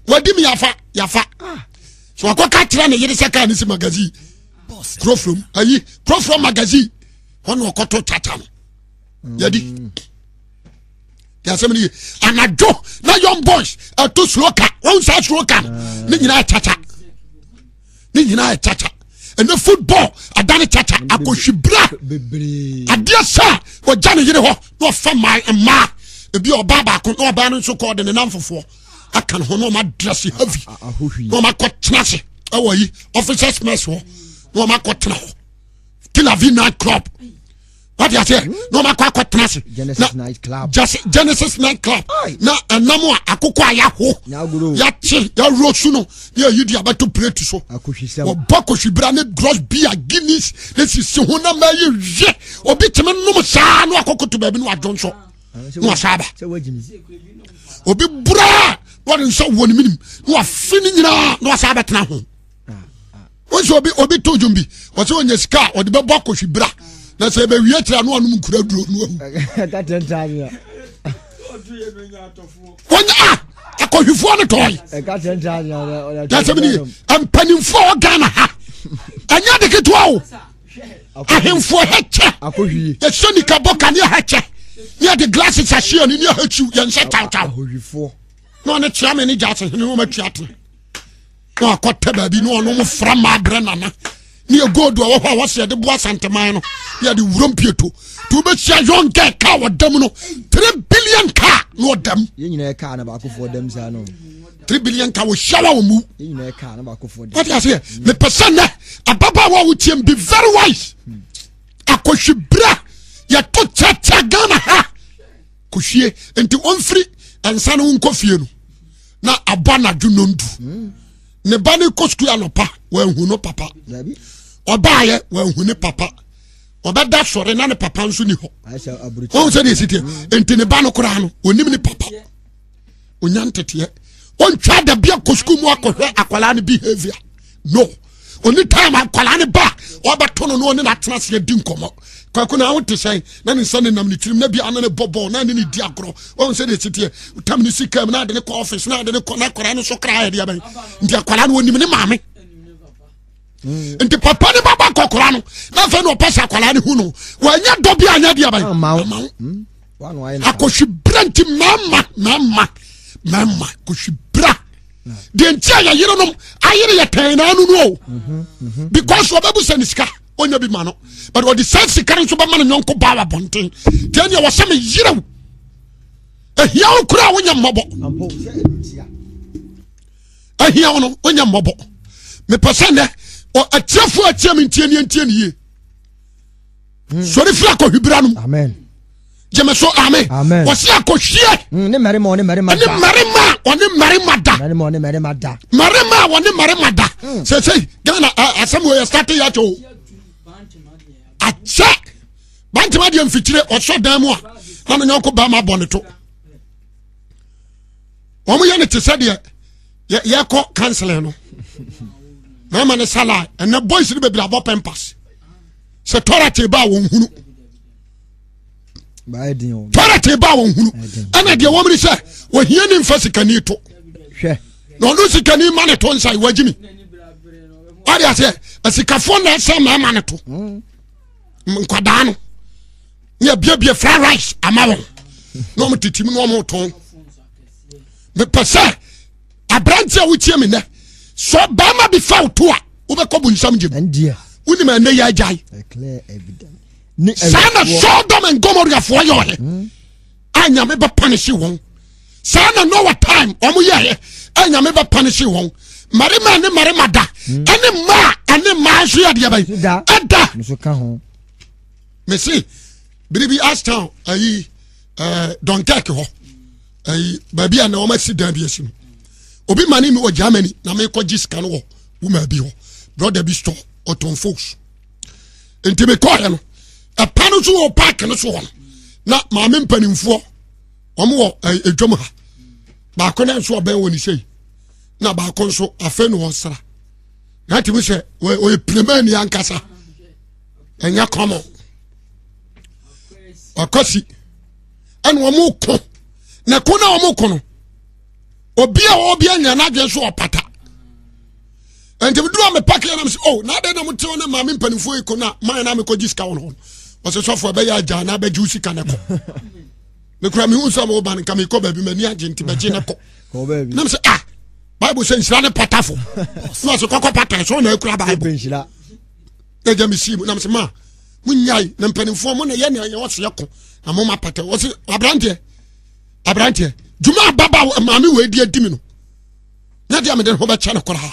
wadi mi yafa yafa. Ah so wakɔ ka kyerɛ ne yere sɛ kaa ne si magazine kurofrom ayi kurofrom magazine wɔn wɔkɔto tata no yɛdi yasɛm ni ye anadwo na young boys ɛto suroka wɔn nsa suroka no ne nyinaa kyakya ne nyinaa kyakya ɛnɛ football adane kyakya akɔhwibira adeɛ sɛ wɔgya ne yere hɔ na wɔfa mmaa mmaa ebi ɔbaa baako na ɔbaa no nso kɔɔ de ne nan fofoɔ aka ne ho na ɔma dresse heavy na ɔma kɔ tena ase ɛwɔ yi officers mess hɔ na ɔma kɔ tena hɔ tel aviv night club wọ́n ti ase ní ọmọ akọ akọ tẹ̀lé ase genesis night club na ẹnam a akoko a yaho yakye yaro sunu ní èyí di abẹ́tò plate so ọba kòsibira ní gross beer guinness ní sisi hun náà mẹ́ yé yé obi tẹ̀mí numu sáá ní akoko tó bẹ̀ẹ́bí ní wàá jọ nsọ ní obi búra wɔde nsa wɔ ne minim na wafe ne nyinaa na wasa abɛtena ho wosɛ obi obi to dwom bi wɔsɛ ɔnya sika a ɔde bɛbɔ akɔhwi bra na sɛ ɛbɛwie kyerɛ no anom nkura duro no awu wɔnya a akɔhwifoɔ no tɔɔye dasɛm ne ye mpanimfoɔ a ɔghana ha ɛnyɛ de ketewa o ahemfoɔ hɛkyɛ yɛsɛ nikabɔ kaneɛ hɛkyɛ ne yɛde glasses ahyeɛ no ne yɛhakyiw yɛnsɛ tawtaw na ɔne kyea me ne gya ase hene wɔma tua tena na akɔtɛ baabi na ɔno mo fra ma abrɛ nana ne yɛ gold wɔ hɔ a wɔsɛ yɛde boa santeman no yɛde wurom pieto nti wobɛhyia yon kaa kaa wɔdam no 3 billion kaa na ɔdam three billion ka wò ṣáwá wò mu. wọ́n ti àṣeyẹ mepẹ sẹ́ nẹ ababaawa wò tiẹ̀ be very wise akọ̀ṣibira yàtọ̀ tíátíá Ghana ha kò ṣie nti wọ́n firi No ni wọ́n kọ́ fie no na aba n'adwo nondu hmm. ne ba ne kɔ sukuu anɔpa wɔahu no papa ɔbaayɛ wɔahu ne papa ɔbɛda sɔre na ne papa nso ni hɔ ɔn sɛ de esi tiɛ hmm. nti ne ba no koraa no onim ne papa onya nteteɛ ɔntwa dabi akɔ sukuu mu akɔhwɛ akwadaa ne behaviour no oni time akwadaa ne ba ɔbɛto no no ɔne na atena seɛ di nkɔmɔ kwako na wote hyɛn oh, na ne nsa ne nam ne tirim na bi ana ne bɔ bɔɔl na ne ne di agorɔ wɔn sɛ de teteɛ tam ne sika mu na ade ne kɔ ɔfis na ade ne kɔ na akwadaa no so kra ayɛdeɛ bɛn nti akwadaa no onim ne maame hmm. nti papa ne baba kɔkora no na afɛ na ɔpɛ sɛ akwadaa ne hu no wɔanya dɔ bi anya deɛ bɛn amaw akɔhwi bira nti mɛɛma mɛɛma mɛɛma akɔhwi bira deɛ nti a yɛyere nom ayere yɛ tɛn na anu no o mhm, mhm. because ɔbɛbu sɛ ne sika ɔnya bi ma no but ɔde saa sika nso bɛma no nyɔnko baa wabɔnten deɛ neɛ wɔsɛ me yerɛw ahia wo koraa wonya mmɔbɔ ahia wo no wonya mmɔbɔ mepɛ sɛ nɛ atiafoɔ atia me ntie ne ntie ne yie hmm. sɔre firi akɔhwibira nom gyeme so ame wɔse akɔhwie hmm, ne mmarima ɔne mmarima da mmarima a wɔne mmarima da sɛsei hmm. ghana asɛm wɔ yɛ starte yɛakyɛ o sɛ bantama deɛ mfikyire ɔsɔ dan mu a ana nyɔnko bɛrima bɔ ne to wɔn yɛ ne te sɛ deɛ yɛkɔ kansilɛn no mɛma ne salai ɛnɛ boys no bebree abɔ pɛmpas sɛ tɔrɛte ba a wɔn hunu tɔrɛte ba a wɔn hunu ɛna deɛ wɔn mi sɛ wɔhia ne nfa sikani to na ɔno sikani ma ne to nsa iwa gyimi ɔde aseɛ asikafoɔ na ɛsɛ mɛma ne to. Hmm nkwadaa no ne abiebie fried rice ama wɔn na wɔn tete mu na wɔn tɔn mepɛ sɛ aberanteɛ a wotie mi nɛ sɛ ɔbarima bi fa oto a wobɛkɔ bu nsam gyem wonim ɛnɛ yɛ agyae saa na sodom and gomoriafoɔ yɛ ɔhe hmm? a nyame bɛpanehye wɔn saa na noa time ɔmo yɛɛ a nyame bɛpanehye wɔn mmarima ne mmarima da hmm. ɛne mmaa ɛne mmaa nso yɛ adeɛ bɛyi ɛda mesi biribi ashtown ayi ɛɛ eh, dunkirk hɔ ayi baabi a na wɔn asi dan bi asi no obi ma ne mi wɔ germany na mi kɔ gyi sika no wɔ wuma bi hɔ broda bi store ɔtɔn folks nti mi kɔɔ yɛ no ɛpa no so wɔ paaki no so wɔ no na maame mpanimfoɔ wɔn wɔ ɛɛ eh, edwam ha baako nan so ɔbɛn wɔ ne sɛyi na baako nso afɛn no ɔsra na ti mi sɛ ɔyɛ pilemɛni ankasa ɛnyɛ kɔmɔ wakwasi ɛna wɔn ko na ko na wɔn ko no obi a wɔn bi anya n'adwe nso ɔpata ntɛmiduro a paki yɛn na mi sɛ o n'adɛ na mo te wɔn ne maame mpanimfoɔ yi ko na maa yɛn na mi kɔ gyi sika wɔn hɔ wɔsɛ sɔfo ɛbɛyɛ agya na abɛgye o sika ne kɔ mekura mi hu sɛ mo ba ne ka mi baabi mɛ ni agye nti bɛgye ne kɔ na mi sɛ ah baibu sɛ nsira ne pata fo na wɔsɛ kɔkɔ pata so na ekura baibu ɛgya mi si mu na mi sɛ maa munyae na mpanimfoɔ mo na yɛ nea yɛwɔ so yɛ ko na mo ma pata wɔsi aberanteɛ aberanteɛ juma ababa maame wɔ edi edi mi no ne deɛ mede ho bɛkyɛ ne koraa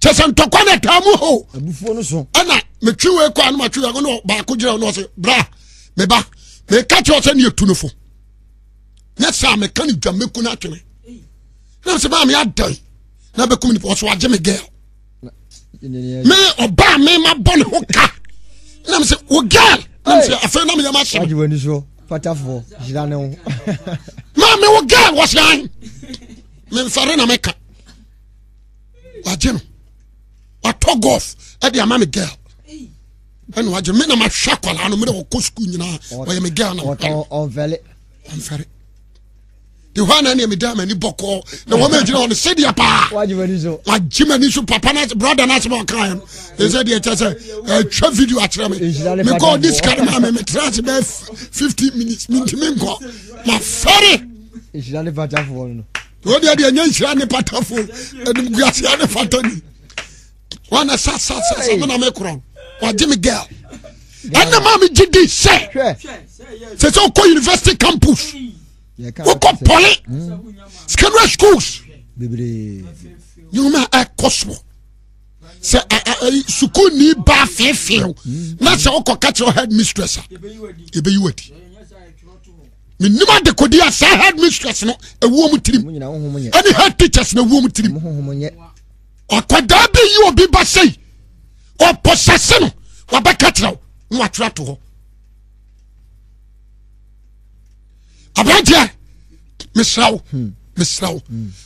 kyɛ sɛ ntɔkwa na taa mu ho abufuo no so ɛna metwi wei kɔ anoma twi wei ɔno baako gyina ɔno ɔsɛ bra meba meka kyerɛ sɛ ne yɛtu no fo ne saa meka ne dwa mɛku no atwene na sɛ maame adan na bɛkum nipa ɔso agye me gɛl me ɔbaa me mabɔ ne ho ka na mi sɛ o girl na mi sɛ afɛn na mi yɛ ma sɛ. wájú wo ni so patafoɔ yira ne ho. maame o girl wɔ sàn mi nfɛre na mi ka wagye no watɔ golf ɛde ama mi girl ɛna wagye mi na ma hwɛ akwaraa no mi de wɔ kɔ sukuu nyinaa wɔyɛ mi girl na mi de hɔ ana ne meda m'ani bɔkɔɔ na wɔma agyina hɔ no sedeɛ paa wagye m'ani so papa no brada no asɛm a ɔkaeɛ no ɛ sɛ deɛ kyɛ sɛ atwa video akyerɛ me mekɔ de sika no maa me metra ase bɛɛ 50 minutes mentimi nkɔ mafɛre wɔdeɛ deɛ ɛnyɛ nhyira ne patafoɔ animguasea ne fata ni wana sasasasa mena mekorɔ wagye me girl ɛnna maa megye di sɛ sɛ sɛ wokɔ university campus wokɔ pɔle hmm. secondary schools nyɛma ɛkɔ soɔ sɛ sukuuni baa feefeew hmm. na sɛ wokɔ ka kyerɛ head mistress a yɛbɛyi wadi menim adekodi a saa head mistress no ɛwuo mu tirim ɛne head teachers no ɛwuo mu tirim akwadaa bi yi obi ba sei ɔpɔsase no wabɛka wo na watwerɛ to hɔ aberanteɛ mesraw mesraw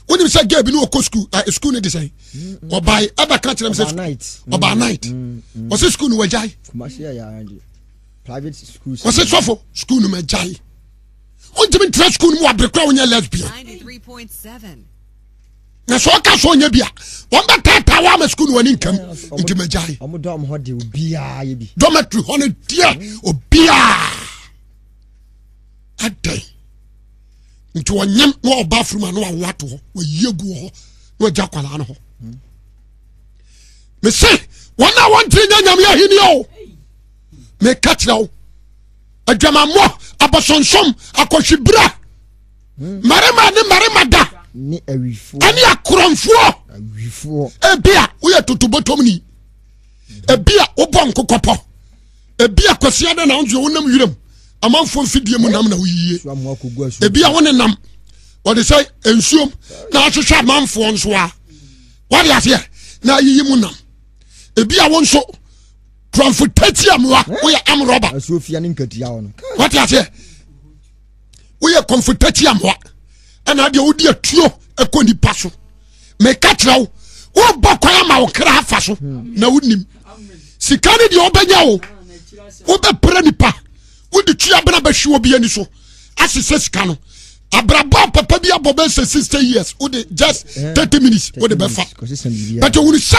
wonim sɛ gabi ne wɔkɔ skul skul no de sɛ hmm. ɔbae ɛba ka kyerɛ m sɛ ɔbaa night hmm. hmm. ɔsɛ skul no wagyae ɔsɛ sɔfo skul no magyae wontimi ntra school, no mu wabere kora wonyɛ lesbian na sɛ ɔka sɛ ɔnyɛ bi a wɔmbɛtaataa wɔ ama skul no wani nkam nti magyae dɔmatri hɔ no deɛ obiaa adɛn nti wɔnyam na ɔba a na wawo ato hɔ wayie gu hɔ na wagya kwalaa no hɔ mese wɔn a wɔntiri nya nyame ahini o meka kyerɛ wo adwamammɔ abɔsonsom akɔhwebira mmarima ne mmarima da ɛne akorɔmfoɔ ebia woyɛ totobotom ni ebia wobɔ nkokɔpɔ ebia kwasiada na wonso wonam wiram amanfoɔ mfidie mu nam na woyie ebi a wone nam wɔde sɛ nsuom na ahwehwɛ amanfoɔ nso a wade aseɛ na ayiyi mu nam ebi a wo nso kuramfo tati amoa woyɛ amrɔba wate aseɛ woyɛ kɔmfo tati amoa ɛna adeɛ wodi atuo ɛkɔ nipa so meka kyerɛ wo wobɔ kwan ama wo kra afa so hmm. na wonim sika ne deɛ wobɛnya wo wobɛprɛ nipa wode twi abena bɛhwe wɔ bi ani so asesɛ sika no abrabɔ papa bi abɔ bɛ sɛ sixty years o de just eh, thirty minutes o bɛ fa bɛtɛ wuli sɛ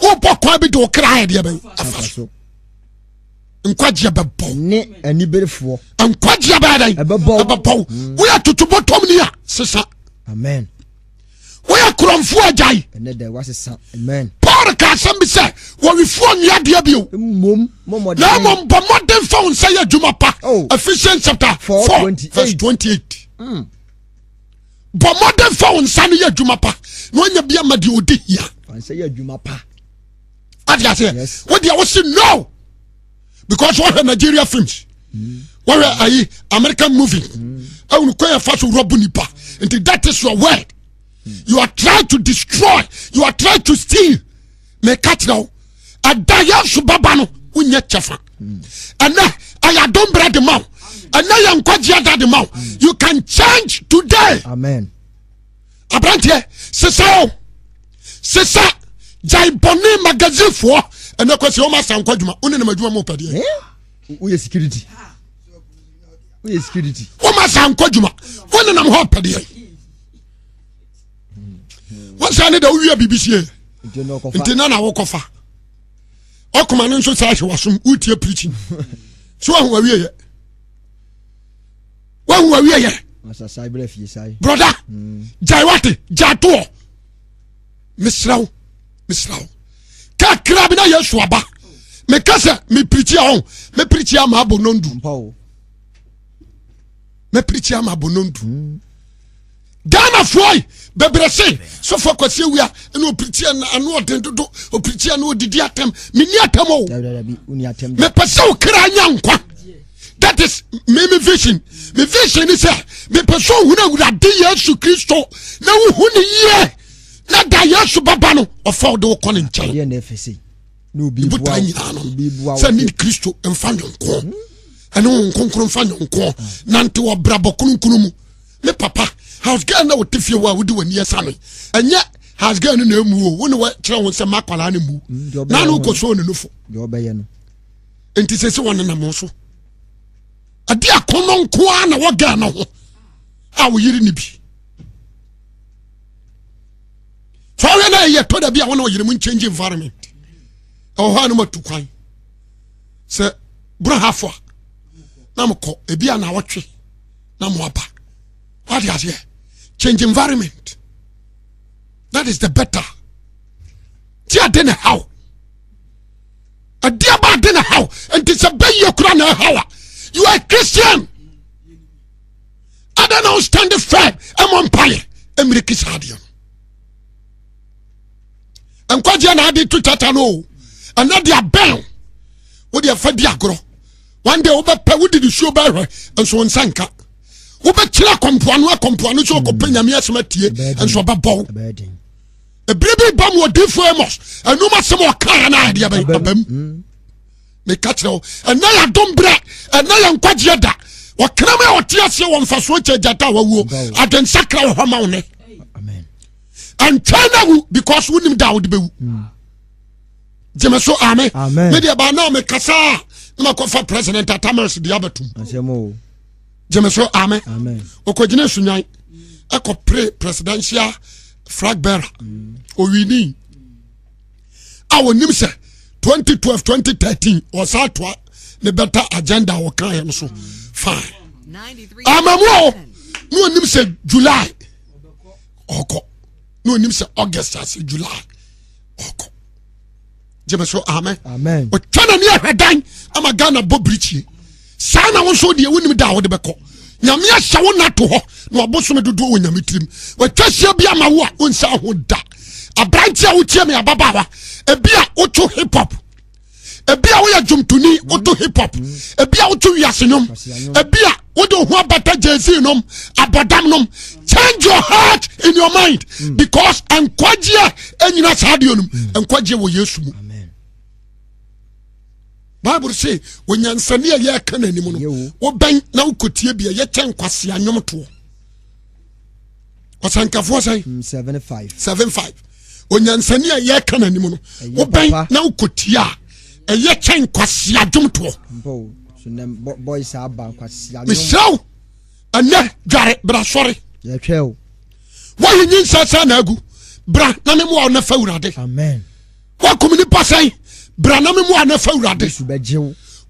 o kwan bi de o kira ayɛ deɛ bɛ afa so nkwajia bɛ bɔ. ne anibere fɔ. nkwajia bɛ yɛrɛ ɛbɛ bɔ ɛbɛ bɔ mm. o y'a tutu bɔ tɔm ni ya sisan. o y'a kuranfu ɛja ye paul ka asɛm bi sɛ wɔwefoɔ nnuadeɛ bio na mmom bɔ mmɔden fa wo nsa yɛ adwuma pa oh. ephesians chapter 4 verse 28 hmm. bɔ mmɔden fa wo nsa no yɛ adwuma pa na ɔnya bia ma deɛ ɔdi hia ade aseɛ wodeɛ wo se no because wɔhwɛ nigeria films hmm. wɔhwɛ ayi american movie ɛwunu hmm. kɔn yɛ fa so rɔbu nipa nti that is your word you are trying to destroy you are trying to meka kyerɛ wo ɛda yɛsu baba no wonyɛ kyɛfa ɛnɛ ɛyɛ adombrɛ de ma wo ɛnɛ yɛ nkwagyeɛ da de ma wo you can change today amen aberanteɛ sesa o sesa gyaebɔne magazifoɔ ɛnɛ kɔsi wɔn asa nkɔ adwuma wɔn nenam adwuma mu pɛdeɛ. woyɛ eh? security woyɛ security. wɔn asa nkɔ adwuma wɔn nenam hɔ pɛdeɛ wɔn sa ne hmm. da wowie biribi sie nti na na wokɔfa ɔkoma no nso saa hwɛ wasom wotie preaching so wahu wawieɛ wahu wawieɛ broda mm. gyae wate gyae toɔ mesrɛ wo mesrɛ wo kakra bi na yɛsu aba meka sɛ mepirikyi a ɔ mepirikyi ama abɔ nondu mepirikyi ama abɔ nondu mm ghanafoɔ bebrɛ se sɔfo kwasi awia ɛna opirikyia ɛna ɔden dodo opirikyia ɛna odidi atɛm mini atɛm o mepɛ sɛ anya nkwa that is me me vision me vision ni sɛ mepɛ sɛ ohun awurade yesu kristo na ohun ni yie na da yesu baba no ɔfa ɔde wokɔ ne nkyɛn ibuta nyinaa no sɛ ne kristo mfa nyɔnko ɛne wo nkonkoro mfa nyɔnko nante wɔ brabɔ kronkron mu me papa house girl na wote fie wo a wode w'ani ɛsa no ɛnyɛ house girl no na ɛmu o wo ne wɔkyerɛ wo sɛ makwalaa no mu mm, na ne wokɔ soo ne nofo enti sɛ sɛ wɔnenam so ade akɔnnɔ nko a na wɔga no ho a woyere ne bi fa woyɛ no ɛyɛ tɔ da bi a wone wɔyere mu nkyɛngye environment ɛwɔ hɔ a no matu kwan sɛ boro hafo a na mokɔ ebi a na wɔtwe na moaba wade aseɛ change environment. That is the better. Tia dena how. A dear bad dena how. And disobey your crown how. You are a Christian. I don't understand the firm. I'm on fire. I'm the Christian. I'm quite young. I did to tatano. And now they are bound. What do you have for One day over pay. What did you show by And so on sanka. wobɛkyerɛ akɔmpoano akɔmpoano sɛ ɔkɔpɛ nyame asɛm atie nso ɔbɛbɔ wo ebire bi ba mu ɔdi famous ɛnum asɛm ɔkaa na adeɛ bɛ abam mm. meka kyerɛ wo ɛnɛ yɛ adom berɛ ɛnɛ yɛ nkwagyeɛ da ɔkram a ɔte aseɛ wɔ mfasoɔ kyɛ gyata a wawuo adensakra wɔ hɔ ma wo ne ɛntwa no wu because wonim da wode bɛwu mm. gyeme so ame medeɛ baa na mekasa a na makɔfa president atamers de abɛtom gyemeso amen ɔkɔgyina sunyan ɛkɔ pre presidential flag bearer owini a wɔnim sɛ 2012 2013 ɔsaa toa ne bɛta agenda a wɔkaeɛ no so fine amamuo ne onim sɛ july ɔkɔ ne onim sɛ august ase july ɔkɔ gyemeso amen ɔtwa na ne ɛhwɛ dan ama ghana bɔ birikyie saa na wo nso deɛ wonim da a wode bɛkɔ nyame ahyɛ wo nato hɔ na wɔbosome dodoɔ wɔ nyame tirim watwa hyia bi ama wo a wonsa ho da aberante a wotie me ababaawa ebi a woto hip hop ebi a woyɛ dwomtoni woto hip hop ebi a woto wiase nom ebi a wode ho abata jersey nom abɔdam nom change your heart in your mind because nkwagyeɛ anyina saa deɛ nom nkwagyeɛ wɔ yesu mu. Amen bible se onyansani a yɛka n'anim no wobɛn na wokɔtie bia yɛkyɛ nkwasea nwomtoɔ ɔsankafoɔ sɛn 75 mm, onyansani a yɛka n'anim no wobɛn na wokɔtie a ɛyɛ kyɛ nkwasea dwomtoɔ mehyerɛw ɛnɛ dware bra sɔre wohenyi nsa sɛ na agu bra na memoa wo na fa awurade woakom nipa sɛn brana mu ane nafa awurade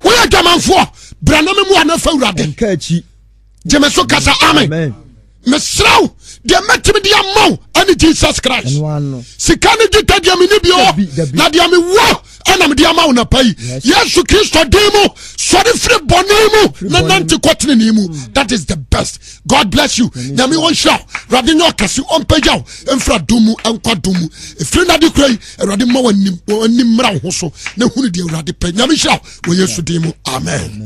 woyɛ dwamanfoɔ brana mu ane nafa awurade gyeme so kasa amen mesrɛw deɛ mɛtumi de ama wo jesus christ sika ne gye tadiame ne bio na deɛ mewɔ ɛnamde ama wo napa yi yesu kristo din mu sɔre firi bɔne mu na nante kɔtenene mu hmm. that is the best god bless you nyame wɔnhyira wo awurade nyɛ ɔkɛse ɔmpagya wo ɛmfra dom mu ɛnkɔ dom mu ɛfiri nade kura yi awurade ma w'anim mmra wo ho so na hunu deɛ awurade pɛ nyame hyira wo wɔ yesu din mu amen